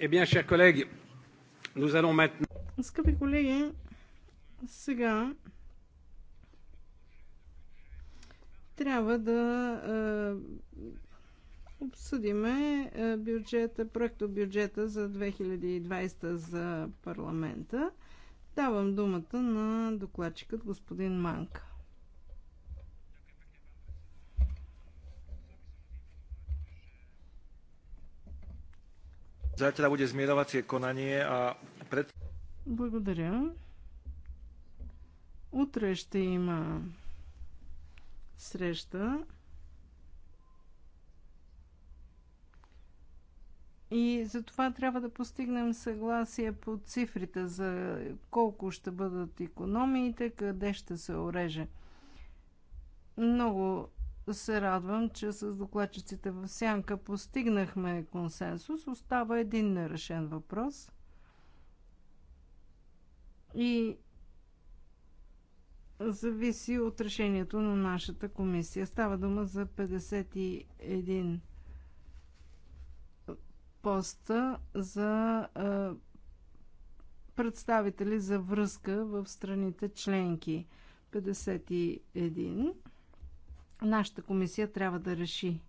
Eh bien, chers collègues, nous allons maintenant... Скъпи колеги, сега трябва да е, обсъдиме е, бюджета, проекто бюджета за 2020 за парламента. Давам думата на докладчикът господин Манка. Зайтра будет zmierovacie конание, а пред... Благодаря. Утре ще има среща. И за това трябва да постигнем съгласие по цифрите за колко ще бъдат економиите, къде ще се ореже. Много се радвам, че с докладчиците в Сянка постигнахме консенсус. Остава един нерешен въпрос. И зависи от решението на нашата комисия. Става дума за 51 поста за а, представители за връзка в страните членки. 51 нашата комисия трябва да реши.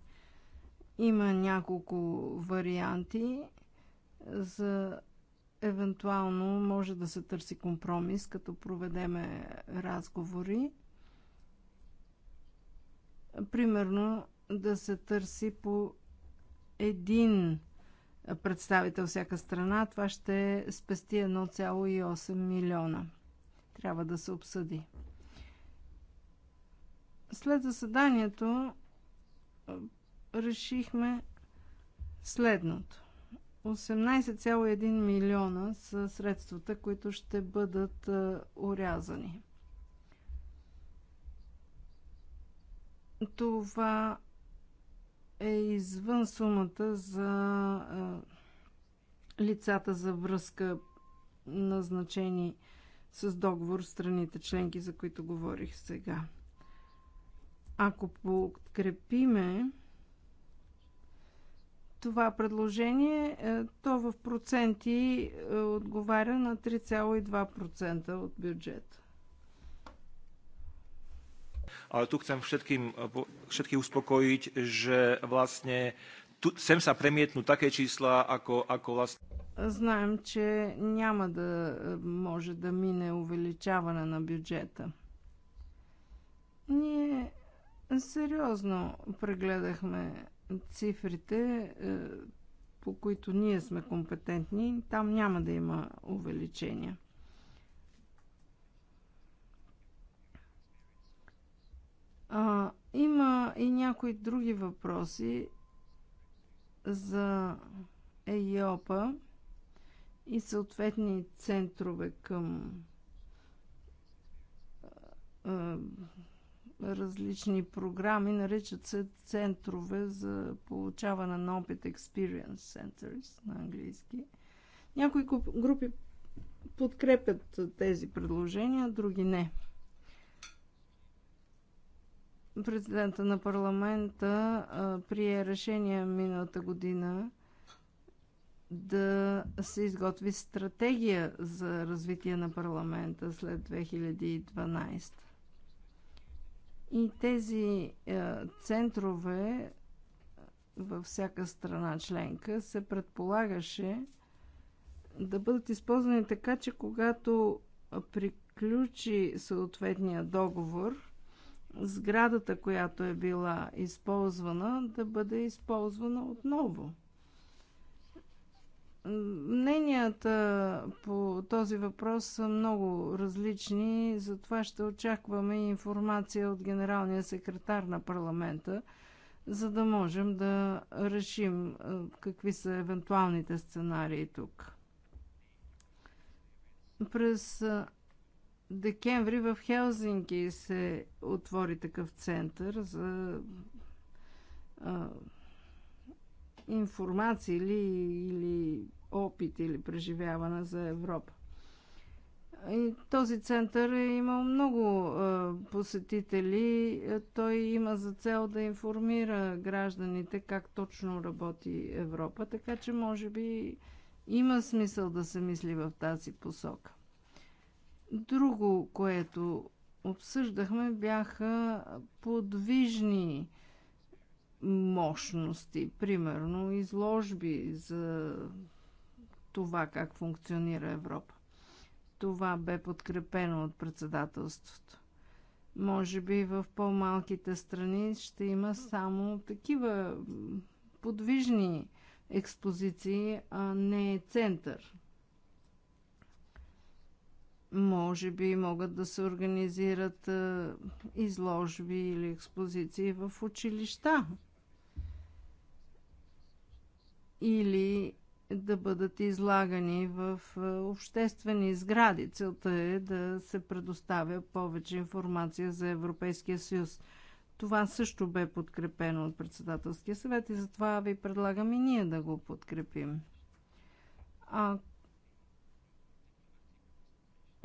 Има няколко варианти за евентуално може да се търси компромис, като проведеме разговори. Примерно да се търси по един представител всяка страна, това ще спести 1,8 милиона. Трябва да се обсъди. След заседанието решихме следното. 18,1 милиона са средствата, които ще бъдат урязани. Това е извън сумата за лицата за връзка, назначени с договор страните членки, за които говорих сега. Ако подкрепиме това предложение, е, то в проценти е, отговаря на 3,2% от бюджета. Ale tu chcem všetkým, všetkých uspokojiť, že vlastne tu, sem sa premietnú také čísla, ako, ako vlastne... Знаем, че няма да е, може да мине увеличаване на бюджета. Ние Сериозно прегледахме цифрите, е, по които ние сме компетентни. Там няма да има увеличения. А, има и някои други въпроси за ЕИОПа и съответни центрове към е, различни програми, наричат се центрове за получаване на опит Experience Centers на английски. Някои групи подкрепят тези предложения, други не. Президента на парламента прие решение миналата година да се изготви стратегия за развитие на парламента след 2012. И тези е, центрове е, във всяка страна членка се предполагаше да бъдат използвани така, че когато приключи съответния договор, сградата, която е била използвана, да бъде използвана отново. Мненията по този въпрос са много различни, затова ще очакваме информация от генералния секретар на парламента, за да можем да решим е, какви са евентуалните сценарии тук. През е, декември в Хелзинки се отвори такъв център за е, информация или, или опит или преживяване за Европа. И този център е имал много е, посетители. Той има за цел да информира гражданите как точно работи Европа, така че може би има смисъл да се мисли в тази посока. Друго, което обсъждахме, бяха подвижни мощности, примерно изложби за това как функционира Европа. Това бе подкрепено от председателството. Може би в по-малките страни ще има само такива подвижни експозиции, а не център. Може би могат да се организират изложби или експозиции в училища. Или да бъдат излагани в е, обществени сгради. Целта е да се предоставя повече информация за Европейския съюз. Това също бе подкрепено от председателския съвет и затова ви предлагам и ние да го подкрепим. А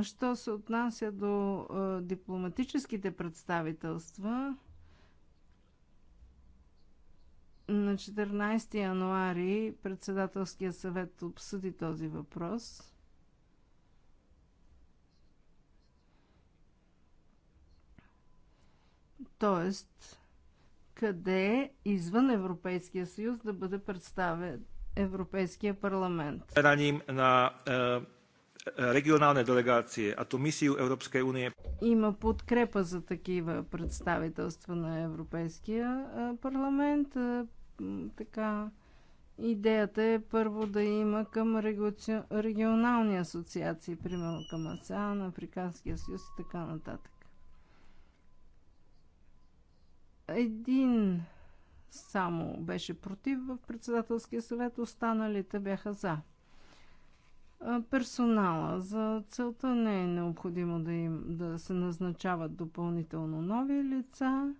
що се отнася до е, дипломатическите представителства, на 14 януари председателския съвет обсъди този въпрос. Тоест, къде е извън Европейския съюз да бъде представен Европейския парламент. На ним на е, регионални а то Европейска уния. Има подкрепа за такива представителства на Европейския е, парламент. Е, така идеята е първо да има към регионални асоциации, примерно към АСЕАН, Африканския съюз и така нататък. Един само беше против в председателския съвет, останалите бяха за. Персонала. За целта не е необходимо да, им, да се назначават допълнително нови лица.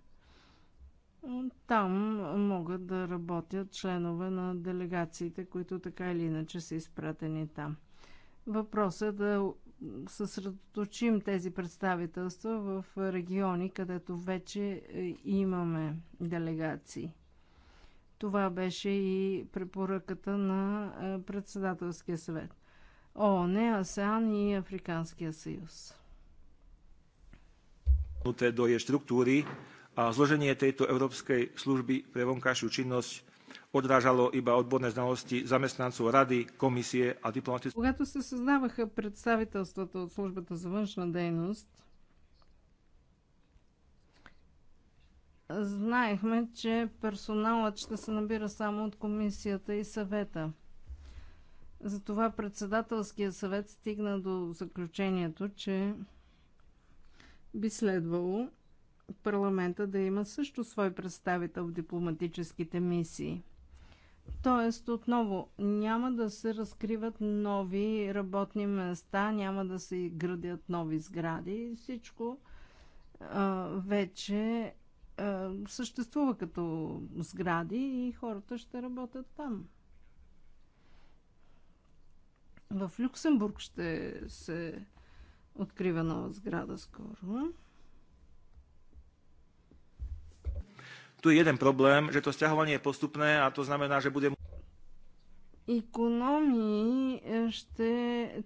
Там могат да работят членове на делегациите, които така или иначе са изпратени там. Въпросът е да съсредоточим тези представителства в региони, където вече е, имаме делегации. Това беше и препоръката на е, председателския съвет. ООН, АСЕАН и Африканския съюз. Те дойде структури a zloženie tejto Európskej služby pre vonkajšiu činnosť отражало iba odborné znalosti zamestnancov Ради, комисия, a diplomatických... Когато се създаваха представителствата от службата за външна дейност, знаехме, че персоналът ще се набира само от комисията и съвета. Затова председателския съвет стигна до заключението, че би следвало парламента да има също свой представител в дипломатическите мисии. Тоест, отново, няма да се разкриват нови работни места, няма да се градят нови сгради. Всичко а, вече а, съществува като сгради и хората ще работят там. В Люксембург ще се открива нова сграда скоро. Tu je jeden problém, že to stiahovanie je postupné a to znamená, že bude... Икономии ще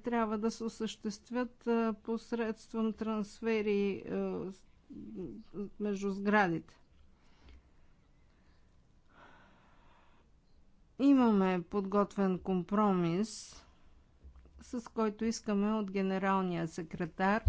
трябва да се осъществят посредством трансфери между сградите. Имаме подготвен компромис, с който искаме от генералния секретар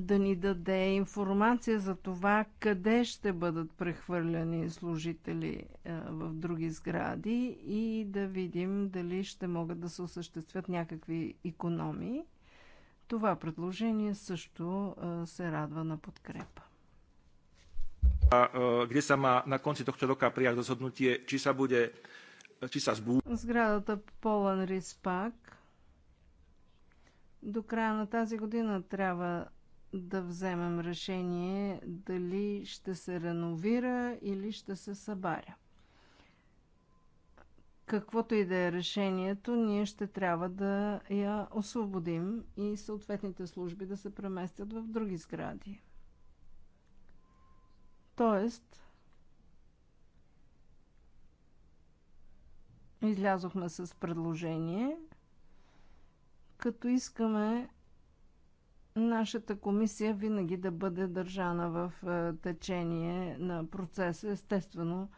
да ни даде информация за това къде ще бъдат прехвърляни служители е, в други сгради и да видим дали ще могат да се осъществят някакви економии. Това предложение също е, се радва на подкрепа. Kde sa má na konci tohto roka prijať rozhodnutie, че са буде, че са сбу... Сградата Полан Риспак до края на тази година трябва да вземем решение дали ще се реновира или ще се събаря. Каквото и да е решението, ние ще трябва да я освободим и съответните служби да се преместят в други сгради. Тоест, излязохме с предложение, като искаме нашата комисия винаги да бъде държана в е, течение на процеса, естествено,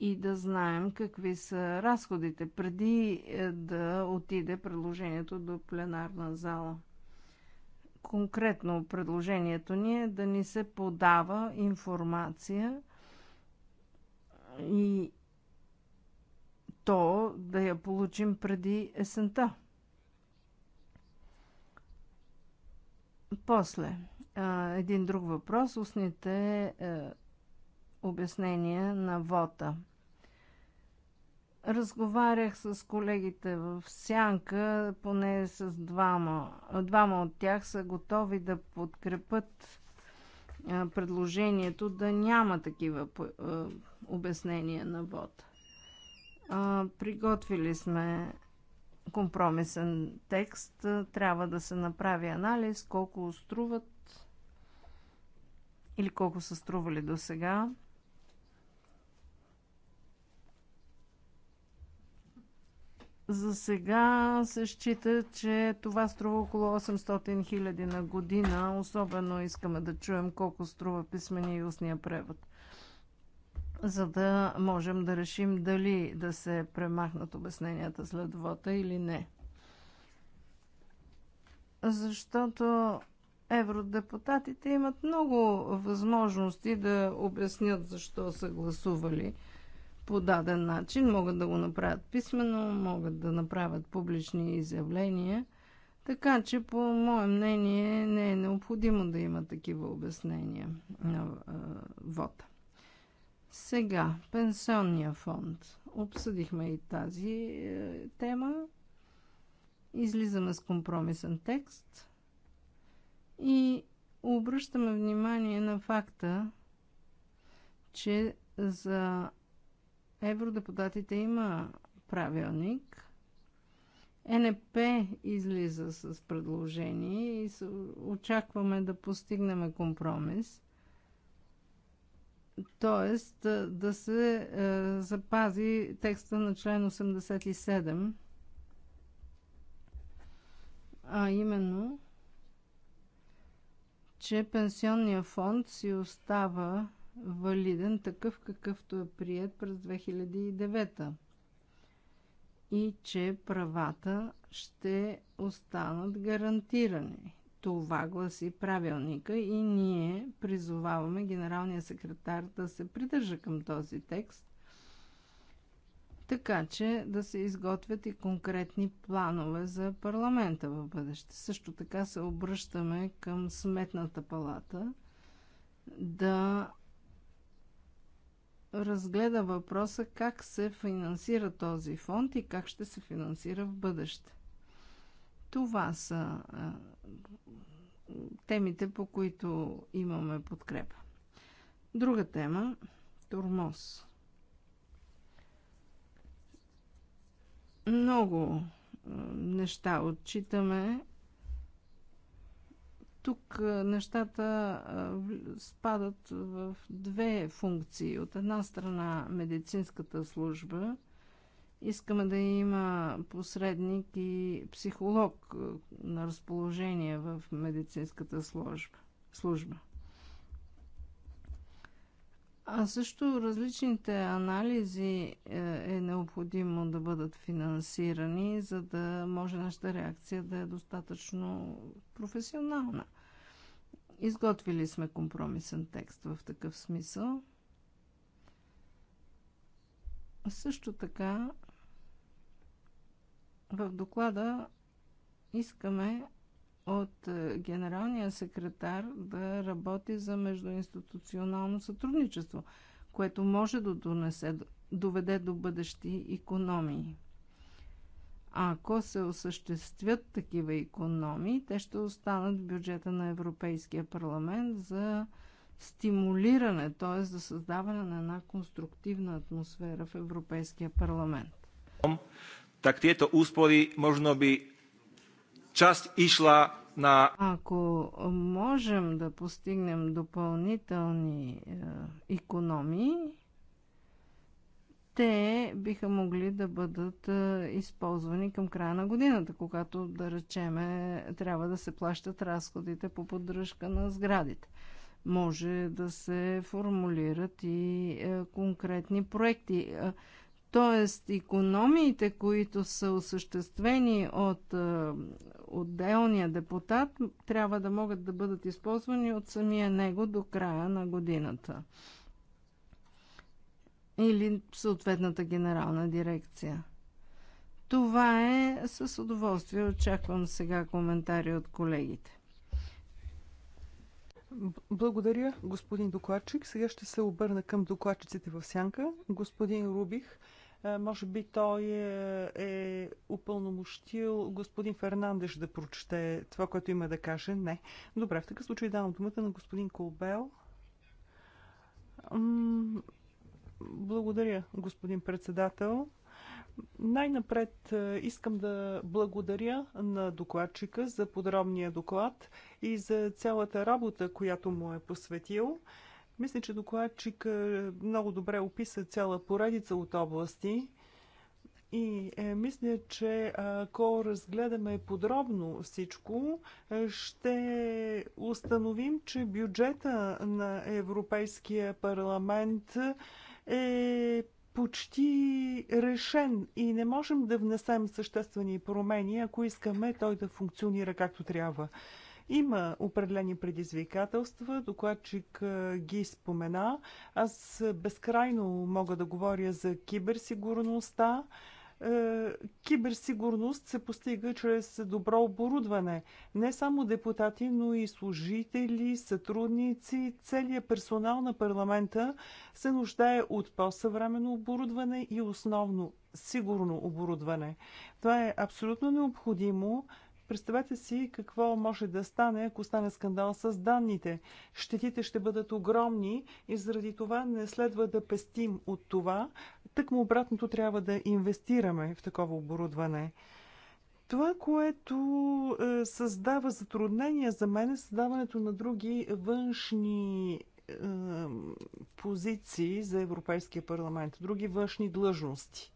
и да знаем какви са разходите преди е, да отиде предложението до пленарна зала. Конкретно предложението ни е да ни се подава информация и то да я получим преди есента. После, един друг въпрос. Устните е, обяснения на вота. Разговарях с колегите в Сянка, поне с двама. Двама от тях са готови да подкрепят предложението да няма такива обяснения на вода. Приготвили сме компромисен текст. Трябва да се направи анализ колко струват или колко са стрували до сега. За сега се счита, че това струва около 800 000 на година. Особено искаме да чуем колко струва писмения и устния превод за да можем да решим дали да се премахнат обясненията след вота или не. Защото евродепутатите имат много възможности да обяснят защо са гласували по даден начин. Могат да го направят писменно, могат да направят публични изявления. Така че, по мое мнение, не е необходимо да има такива обяснения на вода. Сега, пенсионния фонд. Обсъдихме и тази е, тема. Излизаме с компромисен текст и обръщаме внимание на факта, че за евродепутатите има правилник. НП излиза с предложение и очакваме да постигнем компромис. Тоест да се запази текста на член 87, а именно, че пенсионния фонд си остава валиден такъв какъвто е прият през 2009 и че правата ще останат гарантирани. Това гласи правилника и ние призоваваме генералния секретар да се придържа към този текст, така че да се изготвят и конкретни планове за парламента в бъдеще. Също така се обръщаме към Сметната палата да разгледа въпроса как се финансира този фонд и как ще се финансира в бъдеще. Това са темите, по които имаме подкрепа. Друга тема – тормоз. Много неща отчитаме. Тук нещата спадат в две функции. От една страна медицинската служба – Искаме да има посредник и психолог е, на разположение в медицинската служба. служба. А също различните анализи е, е необходимо да бъдат финансирани, за да може нашата реакция да е достатъчно професионална. Изготвили сме компромисен текст в такъв смисъл. Също така в доклада искаме от е, генералния секретар да работи за междуинституционално сътрудничество, което може да донесе, доведе до бъдещи економии. А ако се осъществят такива економии, те ще останат в бюджета на Европейския парламент за стимулиране, т.е. за създаване на една конструктивна атмосфера в Европейския парламент tak tieto úspory možno by časť išla на... Ако можем да постигнем допълнителни економии, те биха могли да бъдат е, използвани към края на годината, когато, да речеме, трябва да се плащат разходите по поддръжка на сградите. Може да се формулират и е, конкретни проекти. Е, Тоест, економиите, които са осъществени от е, отделния депутат, трябва да могат да бъдат използвани от самия него до края на годината. Или съответната генерална дирекция. Това е с удоволствие. Очаквам сега коментари от колегите. Благодаря, господин докладчик. Сега ще се обърна към докладчиците в сянка. Господин Рубих, е, може би той е, е упълномощил господин Фернандеш да прочете това, което има да каже. Не. Добре, в такъв случай давам думата на господин Колбел. Благодаря, господин председател. Най-напред е, искам да благодаря на докладчика за подробния доклад и за цялата работа, която му е посветил. Мисля, че докладчик е, много добре описа цяла поредица от области. И е, мисля, че е, ако разгледаме подробно всичко, е, ще установим, че бюджета на Европейския парламент е почти решен и не можем да внесем съществени промени, ако искаме той да функционира както трябва. Има определени предизвикателства, докладчик ги спомена. Аз безкрайно мога да говоря за киберсигурността. Киберсигурност се постига чрез добро оборудване. Не само депутати, но и служители, сътрудници, целият персонал на парламента се нуждае от по-съвременно оборудване и основно сигурно оборудване. Това е абсолютно необходимо, Представете си какво може да стане, ако стане скандал с данните. Щетите ще бъдат огромни и заради това не следва да пестим от това. Тъкмо обратното трябва да инвестираме в такова оборудване. Това, което е, създава затруднения за мен е създаването на други външни е, позиции за Европейския парламент, други външни длъжности.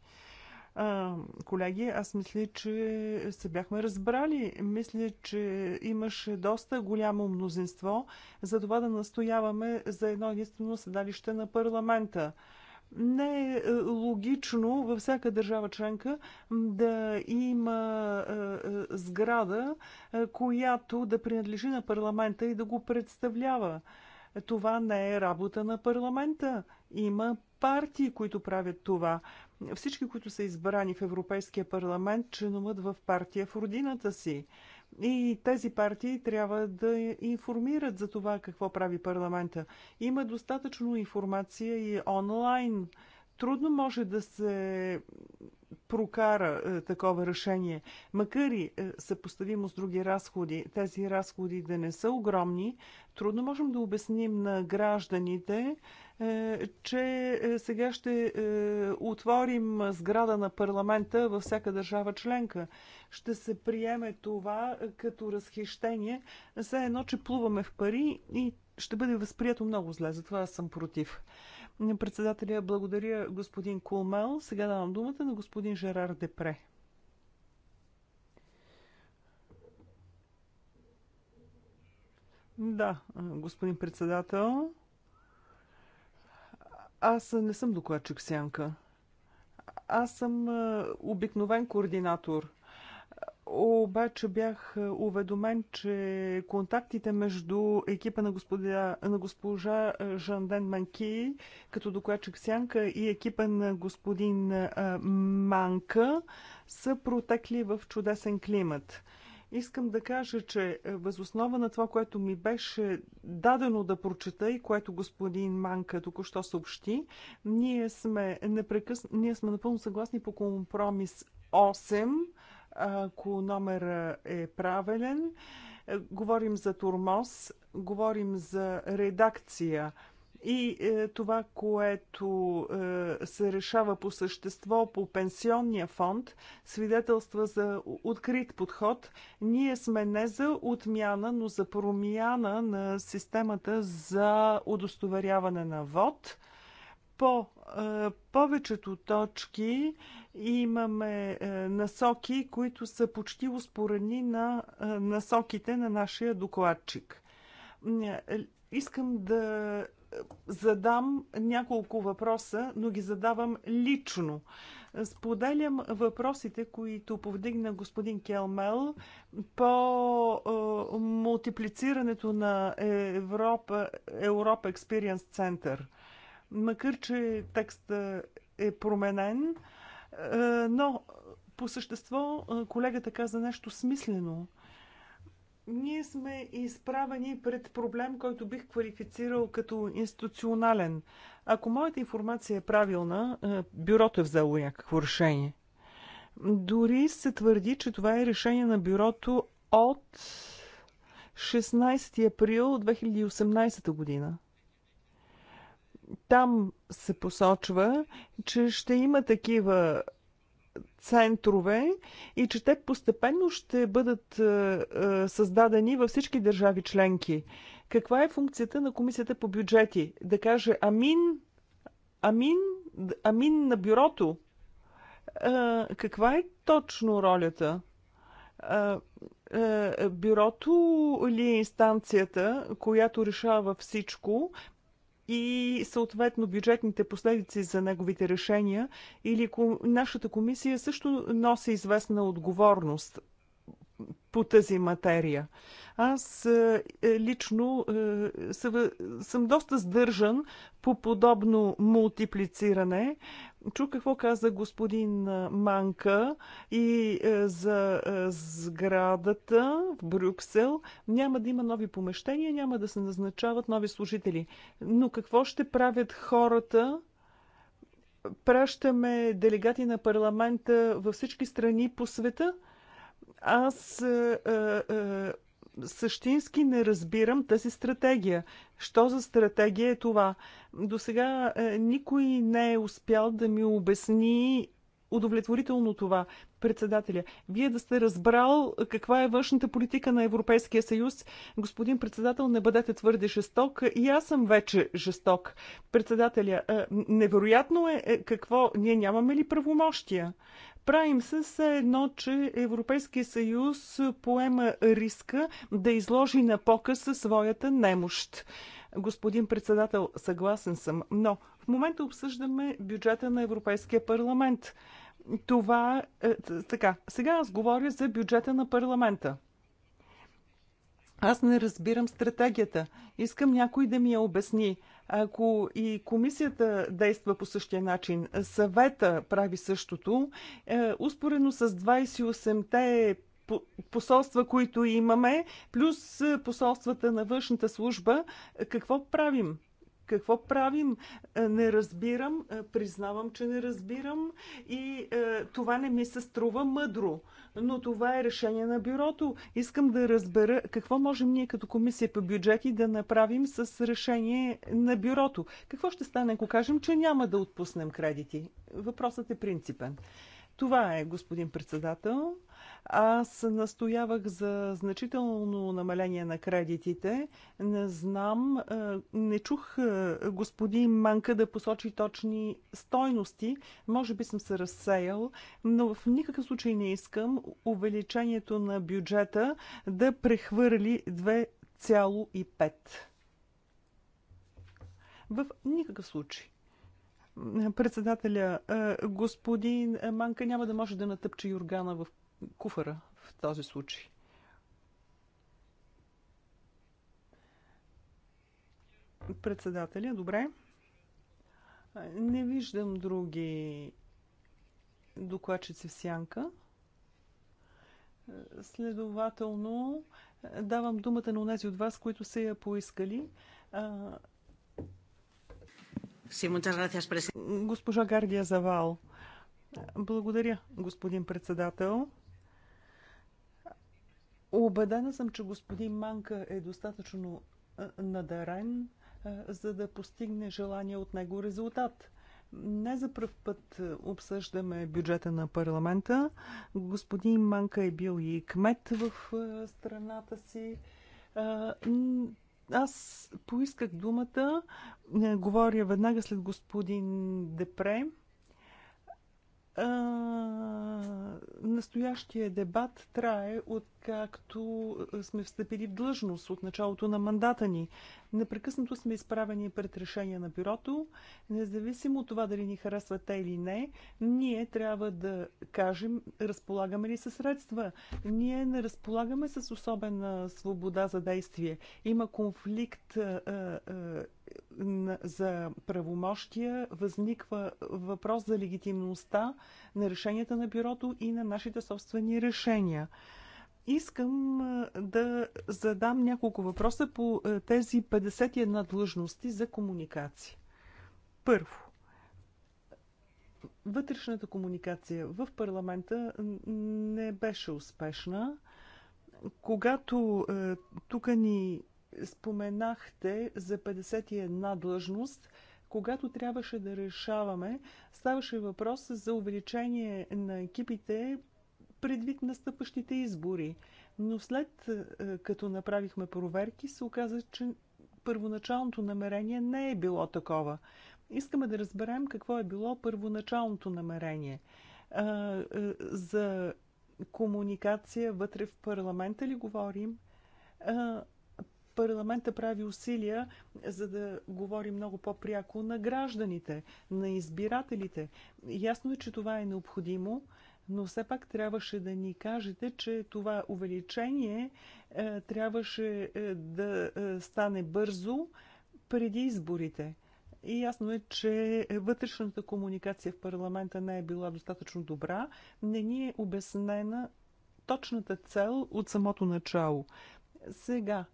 А, колеги, аз мисля, че се бяхме разбрали. Мисля, че имаше доста голямо мнозинство за това да настояваме за едно единствено седалище на парламента не е, е логично във всяка държава членка да има е, е, сграда, която да принадлежи на парламента и да го представлява. Това не е работа на парламента. Има партии, които правят това. Всички, които са избрани в Европейския парламент, членуват в партия в родината си. И тези партии трябва да информират за това какво прави парламента. Има достатъчно информация и онлайн. Трудно може да се прокара е, такова решение. Макар и е, съпоставимо с други разходи, тези разходи да не са огромни, трудно можем да обясним на гражданите, е, че е, сега ще е, отворим сграда на парламента във всяка държава членка. Ще се приеме това е, като разхищение, все едно, че плуваме в пари и ще бъде възприето много зле. Затова съм против. Председателя, благодаря господин Кулмал. Сега давам думата на господин Жерар Депре. Да, господин председател. Аз не съм докладчик Сянка. Аз съм обикновен координатор обаче бях е, уведомен, че контактите между екипа на, господя, на госпожа е, Жанден Манки, като докладчик Сянка и екипа на господин е, Манка са протекли в чудесен климат. Искам да кажа, че възоснова на това, което ми беше дадено да прочета и което господин Манка току-що съобщи, ние сме, непрекъс... ние сме напълно съгласни по компромис 8 ако номера е правилен. Е, говорим за турмоз, говорим за редакция. И е, това, което е, се решава по същество по пенсионния фонд, свидетелства за открит подход. Ние сме не за отмяна, но за промяна на системата за удостоверяване на вод. По е, повечето точки имаме е, насоки, които са почти успорени на е, насоките на нашия докладчик. Е, искам да задам няколко въпроса, но ги задавам лично. Споделям въпросите, които повдигна господин Келмел по мултиплицирането на Европа, Европа Experience Center. Макар, че текстът е променен, е, но по същество е, колегата каза нещо смислено. Ние сме изправени пред проблем, който бих квалифицирал като институционален. Ако моята информация е правилна, е, бюрото е взело някакво решение. Дори се твърди, че това е решение на бюрото от 16 април 2018 година. Там се посочва, че ще има такива центрове и че те постепенно ще бъдат е, е, създадени във всички държави членки. Каква е функцията на комисията по бюджети? Да каже амин, амин, амин на бюрото. Е, каква е точно ролята? бюрото или инстанцията, която решава всичко, и съответно бюджетните последици за неговите решения или нашата комисия също носи известна отговорност по тази материя. Аз е, е, лично е, съм доста сдържан по подобно мултиплициране. Чу какво каза господин Манка и за сградата в Брюксел. Няма да има нови помещения, няма да се назначават нови служители. Но какво ще правят хората, пращаме делегати на парламента във всички страни по света. Аз а, е, а, е, е, същински не разбирам тази стратегия. Що за стратегия е това? До сега никой не е успял да ми обясни удовлетворително това, председателя. Вие да сте разбрал каква е външната политика на Европейския съюз. Господин председател, не бъдете твърде жесток. И аз съм вече жесток. Председателя, е, невероятно е, е какво. Ние нямаме ли правомощия? Правим се с едно, че Европейския съюз поема риска да изложи на показ своята немощ. Господин председател, съгласен съм, но в момента обсъждаме бюджета на Европейския парламент. Това е, така. Сега аз говоря за бюджета на парламента. Аз не разбирам стратегията. Искам някой да ми я обясни. Ако и комисията действа по същия начин, съвета прави същото, е, успорено с 28-те посолства, които имаме, плюс посолствата на външната служба, какво правим? Какво правим? Не разбирам, признавам, че не разбирам и е, това не ми се струва мъдро. Но това е решение на бюрото. Искам да разбера какво можем ние като комисия по бюджети да направим с решение на бюрото. Какво ще стане, ако кажем, че няма да отпуснем кредити? Въпросът е принципен. Това е, господин председател. Аз настоявах за значително намаление на кредитите. Не знам, е, не чух е, господин Манка да посочи точни стойности. Може би съм се разсеял, но в никакъв случай не искам увеличението на бюджета да прехвърли 2,5. В никакъв случай председателя, е, господин Манка няма да може да натъпче Юргана в куфара в този случай. Председателя, добре. Не виждам други докладчици в сянка. Следователно, давам думата на тези от вас, които са я поискали. Госпожа Гардия Завал. Благодаря, господин председател. Обедена съм, че господин Манка е достатъчно надарен, за да постигне желания от него резултат. Не за пръв път обсъждаме бюджета на парламента. Господин Манка е бил и кмет в страната си. Аз поисках думата, говоря веднага след господин Депре, а, настоящия дебат трае откакто сме встъпили в длъжност от началото на мандата ни. Непрекъснато сме изправени пред решения на бюрото. Независимо от това дали ни харесва те или не, ние трябва да кажем разполагаме ли със средства. Ние не разполагаме с особена свобода за действие. Има конфликт а, а, за правомощия възниква въпрос за легитимността на решенията на бюрото и на нашите собствени решения. Искам да задам няколко въпроса по тези 51 длъжности за комуникация. Първо, вътрешната комуникация в парламента не беше успешна. Когато тук ни Споменахте за 51 длъжност. Когато трябваше да решаваме, ставаше въпрос за увеличение на екипите предвид настъпващите избори. Но след е, като направихме проверки, се оказа, че първоначалното намерение не е било такова. Искаме да разберем какво е било първоначалното намерение. Е, е, за комуникация вътре в парламента ли говорим? парламента прави усилия за да говори много по-пряко на гражданите, на избирателите. Ясно е, че това е необходимо, но все пак трябваше да ни кажете, че това увеличение е, трябваше е, да е, стане бързо преди изборите. И ясно е, че вътрешната комуникация в парламента не е била достатъчно добра. Не ни е обяснена точната цел от самото начало. Сега,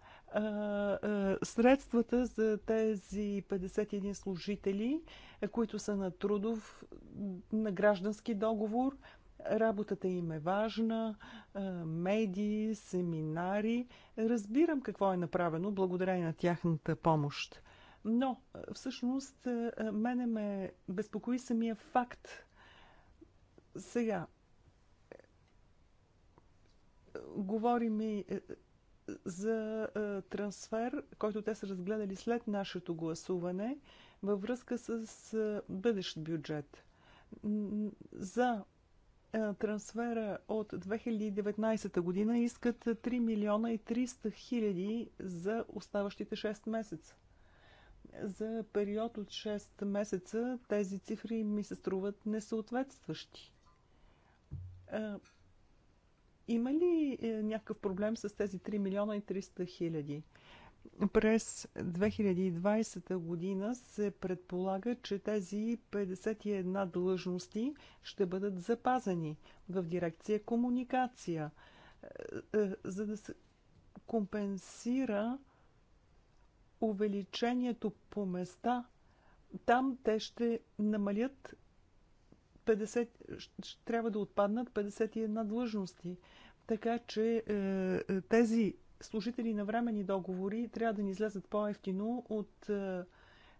средствата за тези 51 служители, които са на трудов, на граждански договор, работата им е важна, медии, семинари. Разбирам какво е направено благодарение на тяхната помощ. Но всъщност мене ме безпокои самия факт. Сега, говорим и за трансфер, който те са разгледали след нашето гласуване във връзка с бъдещ бюджет. За трансфера от 2019 година искат 3 милиона и 300 хиляди за оставащите 6 месеца. За период от 6 месеца тези цифри ми се струват несъответстващи. Има ли е, някакъв проблем с тези 3 милиона и 300 хиляди? През 2020 година се предполага, че тези 51 длъжности ще бъдат запазени в дирекция комуникация, е, е, за да се компенсира увеличението по места. Там те ще намалят 50, трябва да отпаднат 51 длъжности. Така че е, е, тези служители на времени договори трябва да ни излезат по-ефтино от е,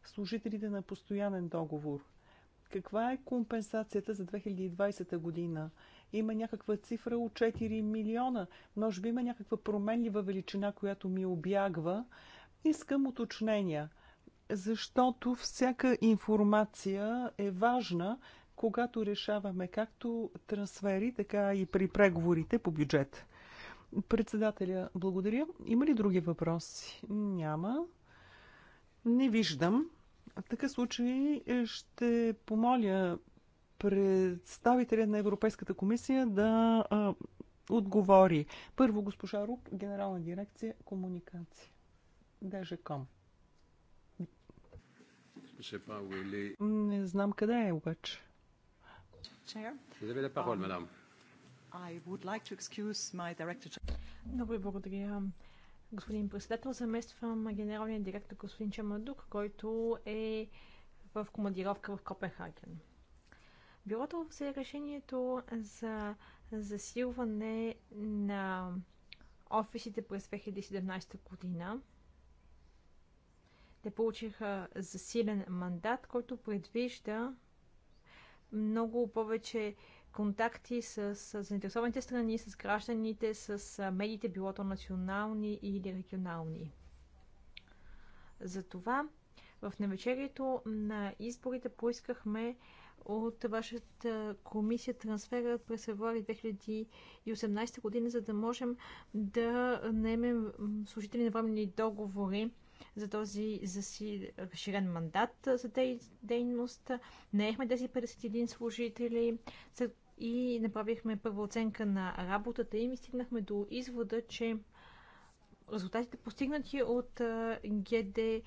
служителите на постоянен договор. Каква е компенсацията за 2020 година? Има някаква цифра от 4 милиона. Може би има някаква променлива величина, която ми обягва. Искам уточнения, защото всяка информация е важна, когато решаваме както трансфери, така и при преговорите по бюджет. Председателя, благодаря. Има ли други въпроси? Няма. Не виждам. В такъв случай е, ще помоля представителя на Европейската комисия да а, отговори. Първо госпожа Рук, генерална дирекция комуникация. Даже ком. Не знам къде е обаче. Vous avez la parole, um, madame. I would like to excuse my director. Много ви благодаря, господин председател. Замествам генералния директор господин Чамадук, който е в командировка в Копенхаген. Бюрото взе решението за засилване на офисите през 2017 година. Те получиха засилен мандат, който предвижда много повече контакти с, с заинтересованите страни, с гражданите, с медиите, било то национални или регионални. Затова в навечерието на изборите поискахме от вашата комисия трансфера през февруари 2018 година, за да можем да наемем служители на временни договори за този разширен мандат за тези дейност. Наехме тези 51 служители и направихме първа оценка на работата им и стигнахме до извода, че резултатите постигнати от ГД е,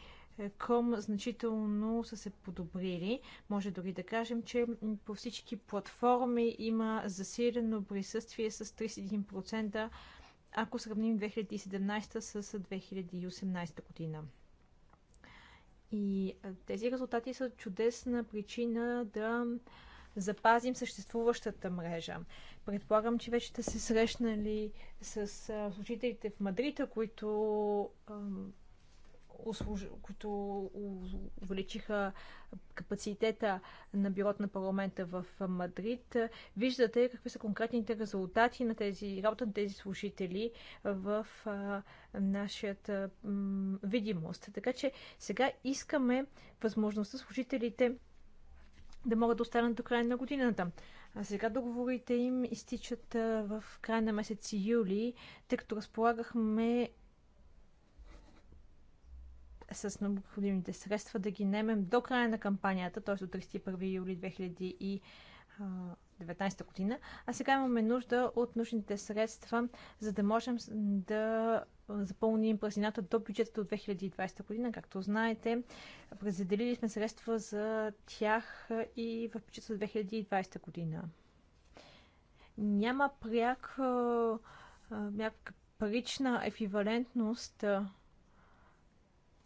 Ком значително са се подобрили. Може дори да кажем, че по всички платформи има засилено присъствие с 31% ако сравним 2017 с 2018 година. И тези резултати са чудесна причина да запазим съществуващата мрежа. Предполагам, че вече сте се срещнали с служителите в Мадрида, които които увеличиха капацитета на бюрото на парламента в Мадрид. Виждате какви са конкретните резултати на тези работа на тези служители в а, нашата видимост. Така че сега искаме възможността служителите да могат да останат до края на годината. А сега договорите им изтичат в края на месец юли, тъй като разполагахме с необходимите средства да ги немем до края на кампанията, т.е. до 31 юли 2019 година. А сега имаме нужда от нужните средства, за да можем да запълним празнината до бюджета до 2020 година. Както знаете, разделили сме средства за тях и в бюджета за 2020 година. Няма пряк, пряк парична еквивалентност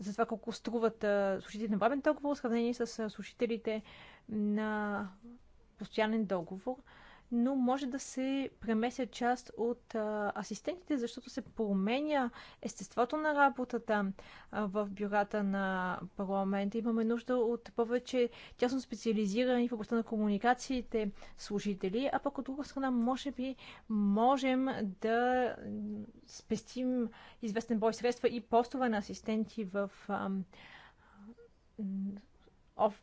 за това колко струват слушателите на бабен договор в сравнение с слушателите на постоянен договор но може да се премесят част от а, асистентите, защото се променя естеството на работата а, в бюрата на парламента. Имаме нужда от повече тясно специализирани в областта на комуникациите служители, а пък от друга страна, може би, можем да спестим известен брой средства и постове на асистенти в а,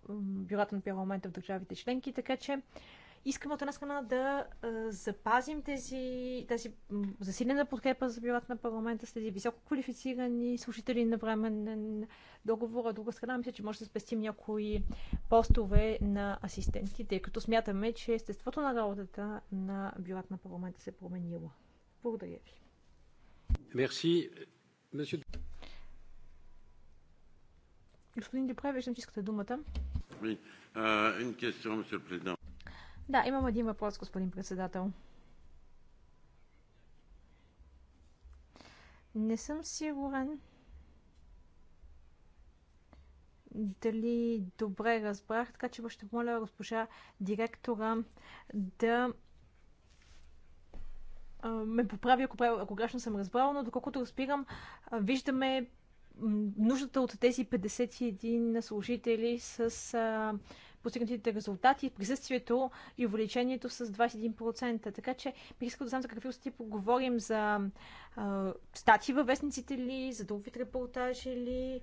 бюрата на парламента в държавите членки, така че искаме от една страна да запазим тези, тази засилена подкрепа за бюрата на парламента с тези високо квалифицирани служители на временен договор, а от друга страна мисля, че може да спестим някои постове на асистенти, тъй като смятаме, че естеството на работата на бюрата на парламента се е променило. Благодаря ви. Мерси. Господин Дюпре, виждам, че искате думата. Oui. Uh, une question, monsieur le président. Да, имам един въпрос, господин председател. Не съм сигурен дали добре разбрах, така че ще моля госпожа директора да ме поправи, ако, ако грешно съм разбрала, но доколкото разбирам, виждаме нуждата от тези 51 служители с постигнатите резултати, присъствието и увеличението с 21%. Така че бих искал да знам за какви усети поговорим за а, статии във вестниците ли, за дълги репортажи ли,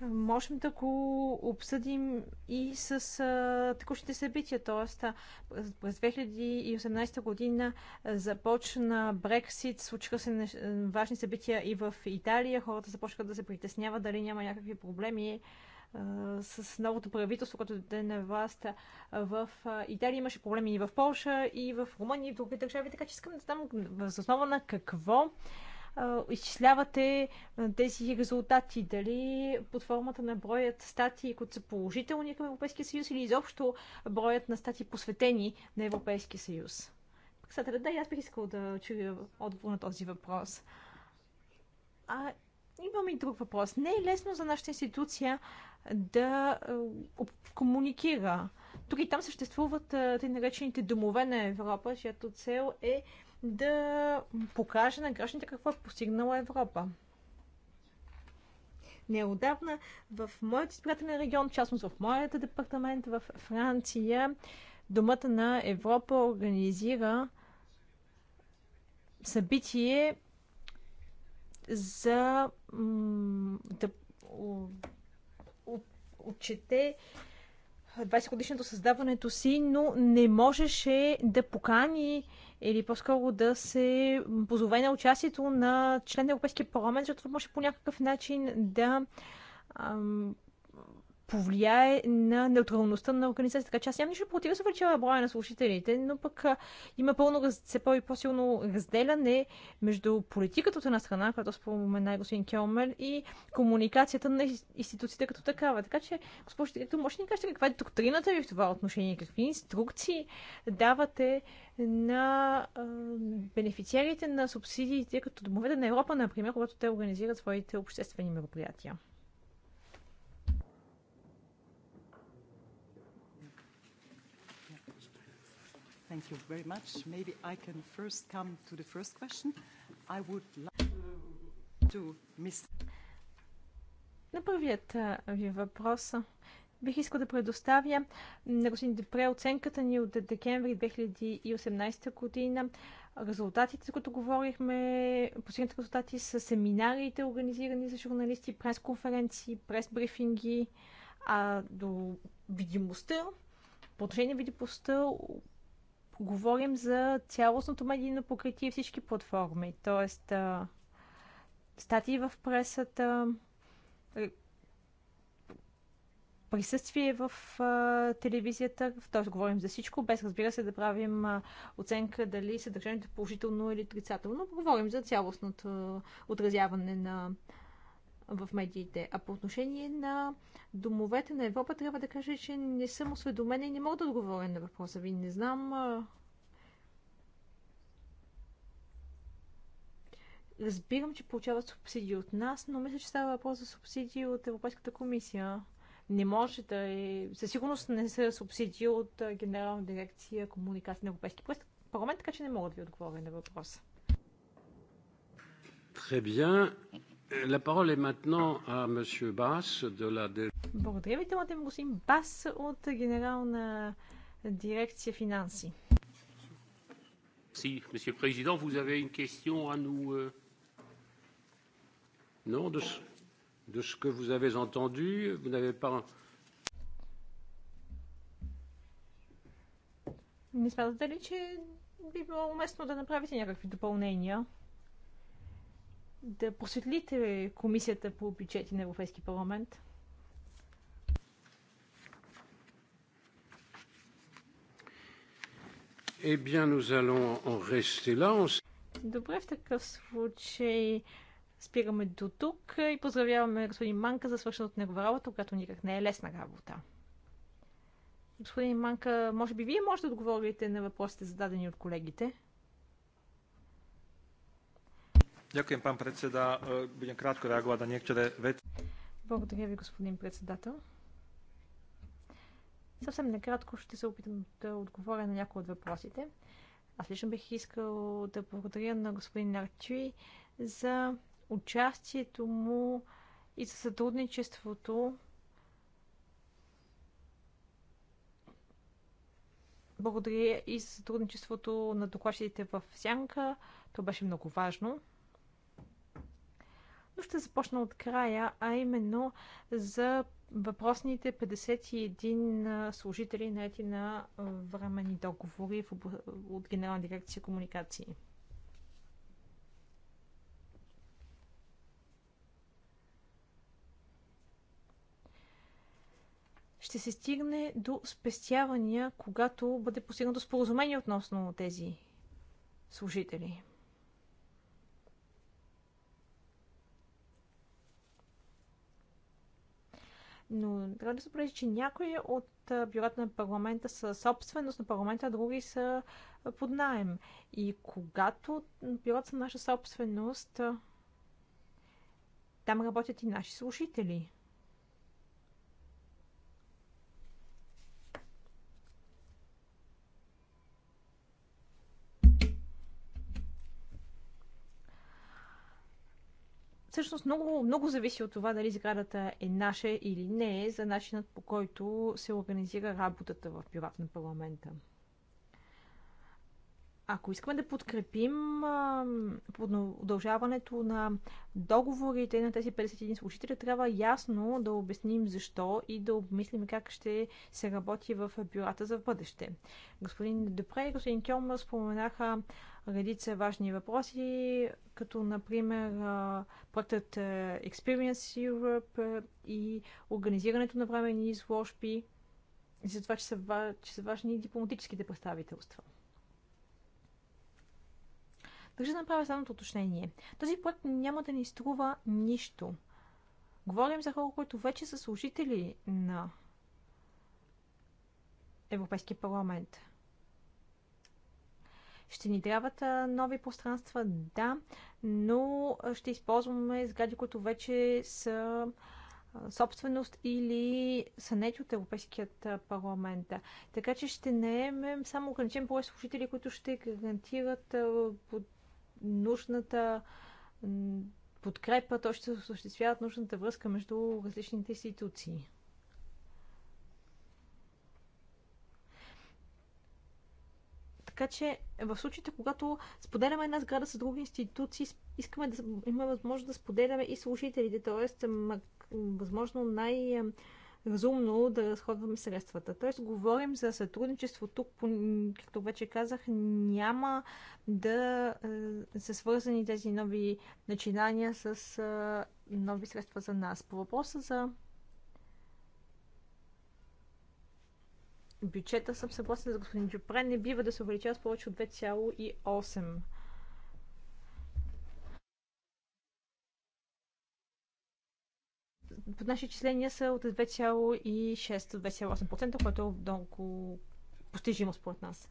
можем да го обсъдим и с а, текущите събития. Тоест, през 2018 година започна Брексит, случиха се важни събития и в Италия. Хората започнаха да се притесняват дали няма някакви проблеми с новото правителство, което даде на власт в Италия. Имаше проблеми и в Польша, и в Румъния, и в други държави. Така че искам да знам въз основа на какво изчислявате тези резултати? Дали под формата на броят статии, които са положителни към Европейския съюз или изобщо броят на статии посветени на Европейския съюз? Председателя, да, и аз бих искал да чуя отговор на този въпрос. А имам и друг въпрос. Не е лесно за нашата институция да е, комуникира. Тук и там съществуват е, тъй наречените домове на Европа, чиято цел е да покаже на гражданите какво е постигнала Европа. Неодавна в моят избирателен регион, частност в моят департамент в Франция, домата на Европа организира събитие за да отчете 20 годишното създаването си, но не можеше да покани или по-скоро да се позове на участието на член на Европейския парламент, защото може по някакъв начин да ам, повлияе на неутралността на организацията. Така че аз нямам нищо против да се увеличава броя на слушателите, но пък а, има пълно все по- и по-силно разделяне между политиката от една страна, която спомена и господин Келмер, и комуникацията на институциите като такава. Така че, госпожо директор, може ли да кажете каква е доктрината ви в това отношение? Какви инструкции давате на а, бенефициарите на субсидиите, като домовете на Европа, например, когато те организират своите обществени мероприятия? Thank you very much. Maybe I can first come to the first question. I would like to miss... На първият ви въпрос бих искал да предоставя на господин Депре оценката ни от декември 2018 година. Резултатите, за които говорихме, последните резултати са семинарите, организирани за журналисти, пресконференции, пресбрифинги, а до видимостта, по отношение на видимостта говорим за цялостното медийно покритие всички платформи, т.е. статии в пресата, присъствие в а, телевизията, т.е. говорим за всичко, без разбира се да правим а, оценка дали съдържанието е положително или отрицателно, говорим за цялостното отразяване на в медиите. А по отношение на домовете на Европа, трябва да кажа, че не съм осведомена и не мога да отговоря на въпроса ви. Не знам. Разбирам, че получават субсидии от нас, но мисля, че става въпрос за субсидии от Европейската комисия. Не може да е... Със сигурност не са субсидии от Генерална дирекция комуникация на Европейски парламент, така че не мога да ви отговоря на въпроса. Très bien. Благодаря ви, думата има господин Бас от Генерална дирекция финанси. Merci, Monsieur le Vous avez une question à nous. Euh, non, de de ce que vous avez entendu, vous n'avez pas. Не смятате ли, че би било уместно да направите някакви допълнения? да просветлите Комисията по бюджети на Европейски парламент? Eh bien, nous allons en rester là. Добре, в такъв случай спираме до тук и поздравяваме господин Манка за свършеното от негова работа, която никак не е лесна работа. Господин Манка, може би вие можете да отговорите на въпросите зададени от колегите? Ďakujem, pán predseda. Budem krátko reagovať na niektoré veci. Благодаря ви, господин председател. Съвсем накратко ще се опитам да отговоря на някои от въпросите. Аз лично бих искал да благодаря на господин Арчи за участието му и за сътрудничеството. Благодаря и за сътрудничеството на докладчиците в Сянка. То беше много важно но ще започна от края, а именно за въпросните 51 служители ети на времени договори от Генерална дирекция комуникации. ще се стигне до спестявания, когато бъде постигнато споразумение относно тези служители. Но трябва да се прави, че някои от бюрата на парламента са собственост на парламента, а други са под найем. И когато бюрата са наша собственост, там работят и наши служители. всъщност много, много зависи от това дали сградата е наша или не, за начинът по който се организира работата в бюрата на парламента. Ако искаме да подкрепим продължаването на договорите на тези 51 служители, трябва ясно да обясним защо и да обмислим как ще се работи в бюрата за бъдеще. Господин Депре и господин Кьома споменаха редица важни въпроси, като например проектът Experience Europe и организирането на времени изложби и за това, че са, че са важни и дипломатическите представителства. Държа да направя следното уточнение. Този проект няма да ни струва нищо. Говорим за хора, които вече са служители на Европейския парламент – ще ни трябват нови пространства, да, но ще използваме сгради, които вече са собственост или са нети от Европейският парламент. Така че ще наемем само ограничен брой служители, които ще гарантират под нужната подкрепа, то ще осъществяват нужната връзка между различните институции. Така че в случаите, когато споделяме една сграда с други институции, искаме да имаме възможност да споделяме и служителите, т.е. възможно най- разумно да разходваме средствата. Тоест, говорим за сътрудничество тук, както вече казах, няма да се свързани тези нови начинания с е, нови средства за нас. По въпроса за бюджета, съм съгласен с господин Дюпре, не бива да се увеличава с повече от 2,8. По наши числения са от 2,6-2,8%, което е много постижимо според нас.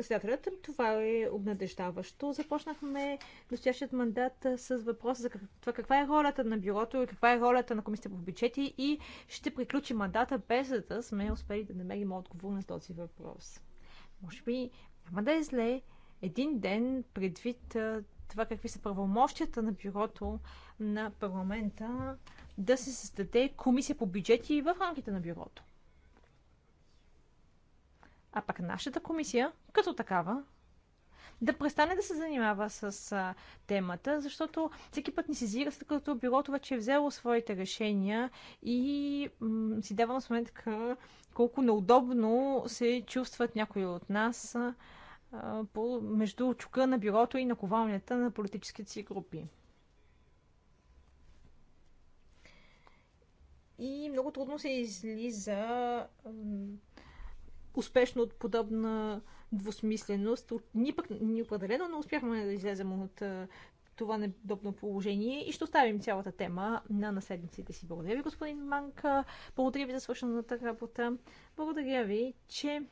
Председателят, това е обнадеждаващо. Започнахме настоящият мандат с въпроса за това каква е ролята на бюрото и каква е ролята на комисията по бюджети и ще приключи мандата без да сме успели да намерим отговор на този въпрос. Може би няма да е зле един ден предвид това какви са правомощията на бюрото на парламента да се създаде комисия по бюджети в рамките на бюрото а пък нашата комисия, като такава, да престане да се занимава с а, темата, защото всеки път ни зира, след като бюрото вече е взело своите решения и м- си давам сметка колко неудобно се чувстват някои от нас а, по, между чука на бюрото и наковалнята на политическите си групи. И много трудно се излиза успешно от подобна двусмисленост. Ние пък ни определено не успяхме да излезем от това недобно положение и ще оставим цялата тема на наследниците си. Благодаря ви, господин Манка. Благодаря ви за свършената работа. Благодаря ви, че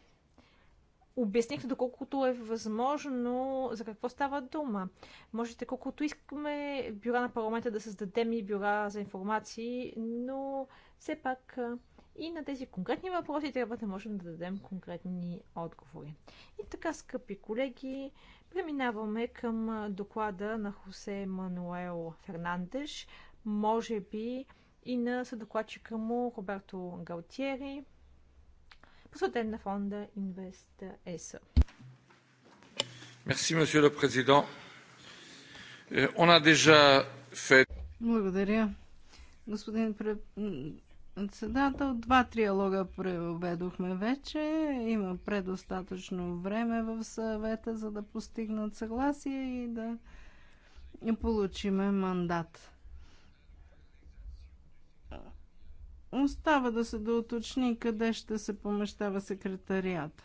обяснихте доколкото е възможно за какво става дума. Можете колкото искаме бюра на парламента да създадем и бюра за информации, но все пак и на тези конкретни въпроси трябва да можем да дадем конкретни отговори. И така, скъпи колеги, преминаваме към доклада на Хосе Мануел Фернандеш, може би и на съдокладчика му Роберто Галтиери, посветен на фонда Инвест ЕСА. Merci, monsieur le président. Euh, on a déjà fait... Благодаря. Господин председател. Два триалога преведохме вече. Има предостатъчно време в съвета, за да постигнат съгласие и да получиме мандат. Остава да се доуточни къде ще се помещава секретарията.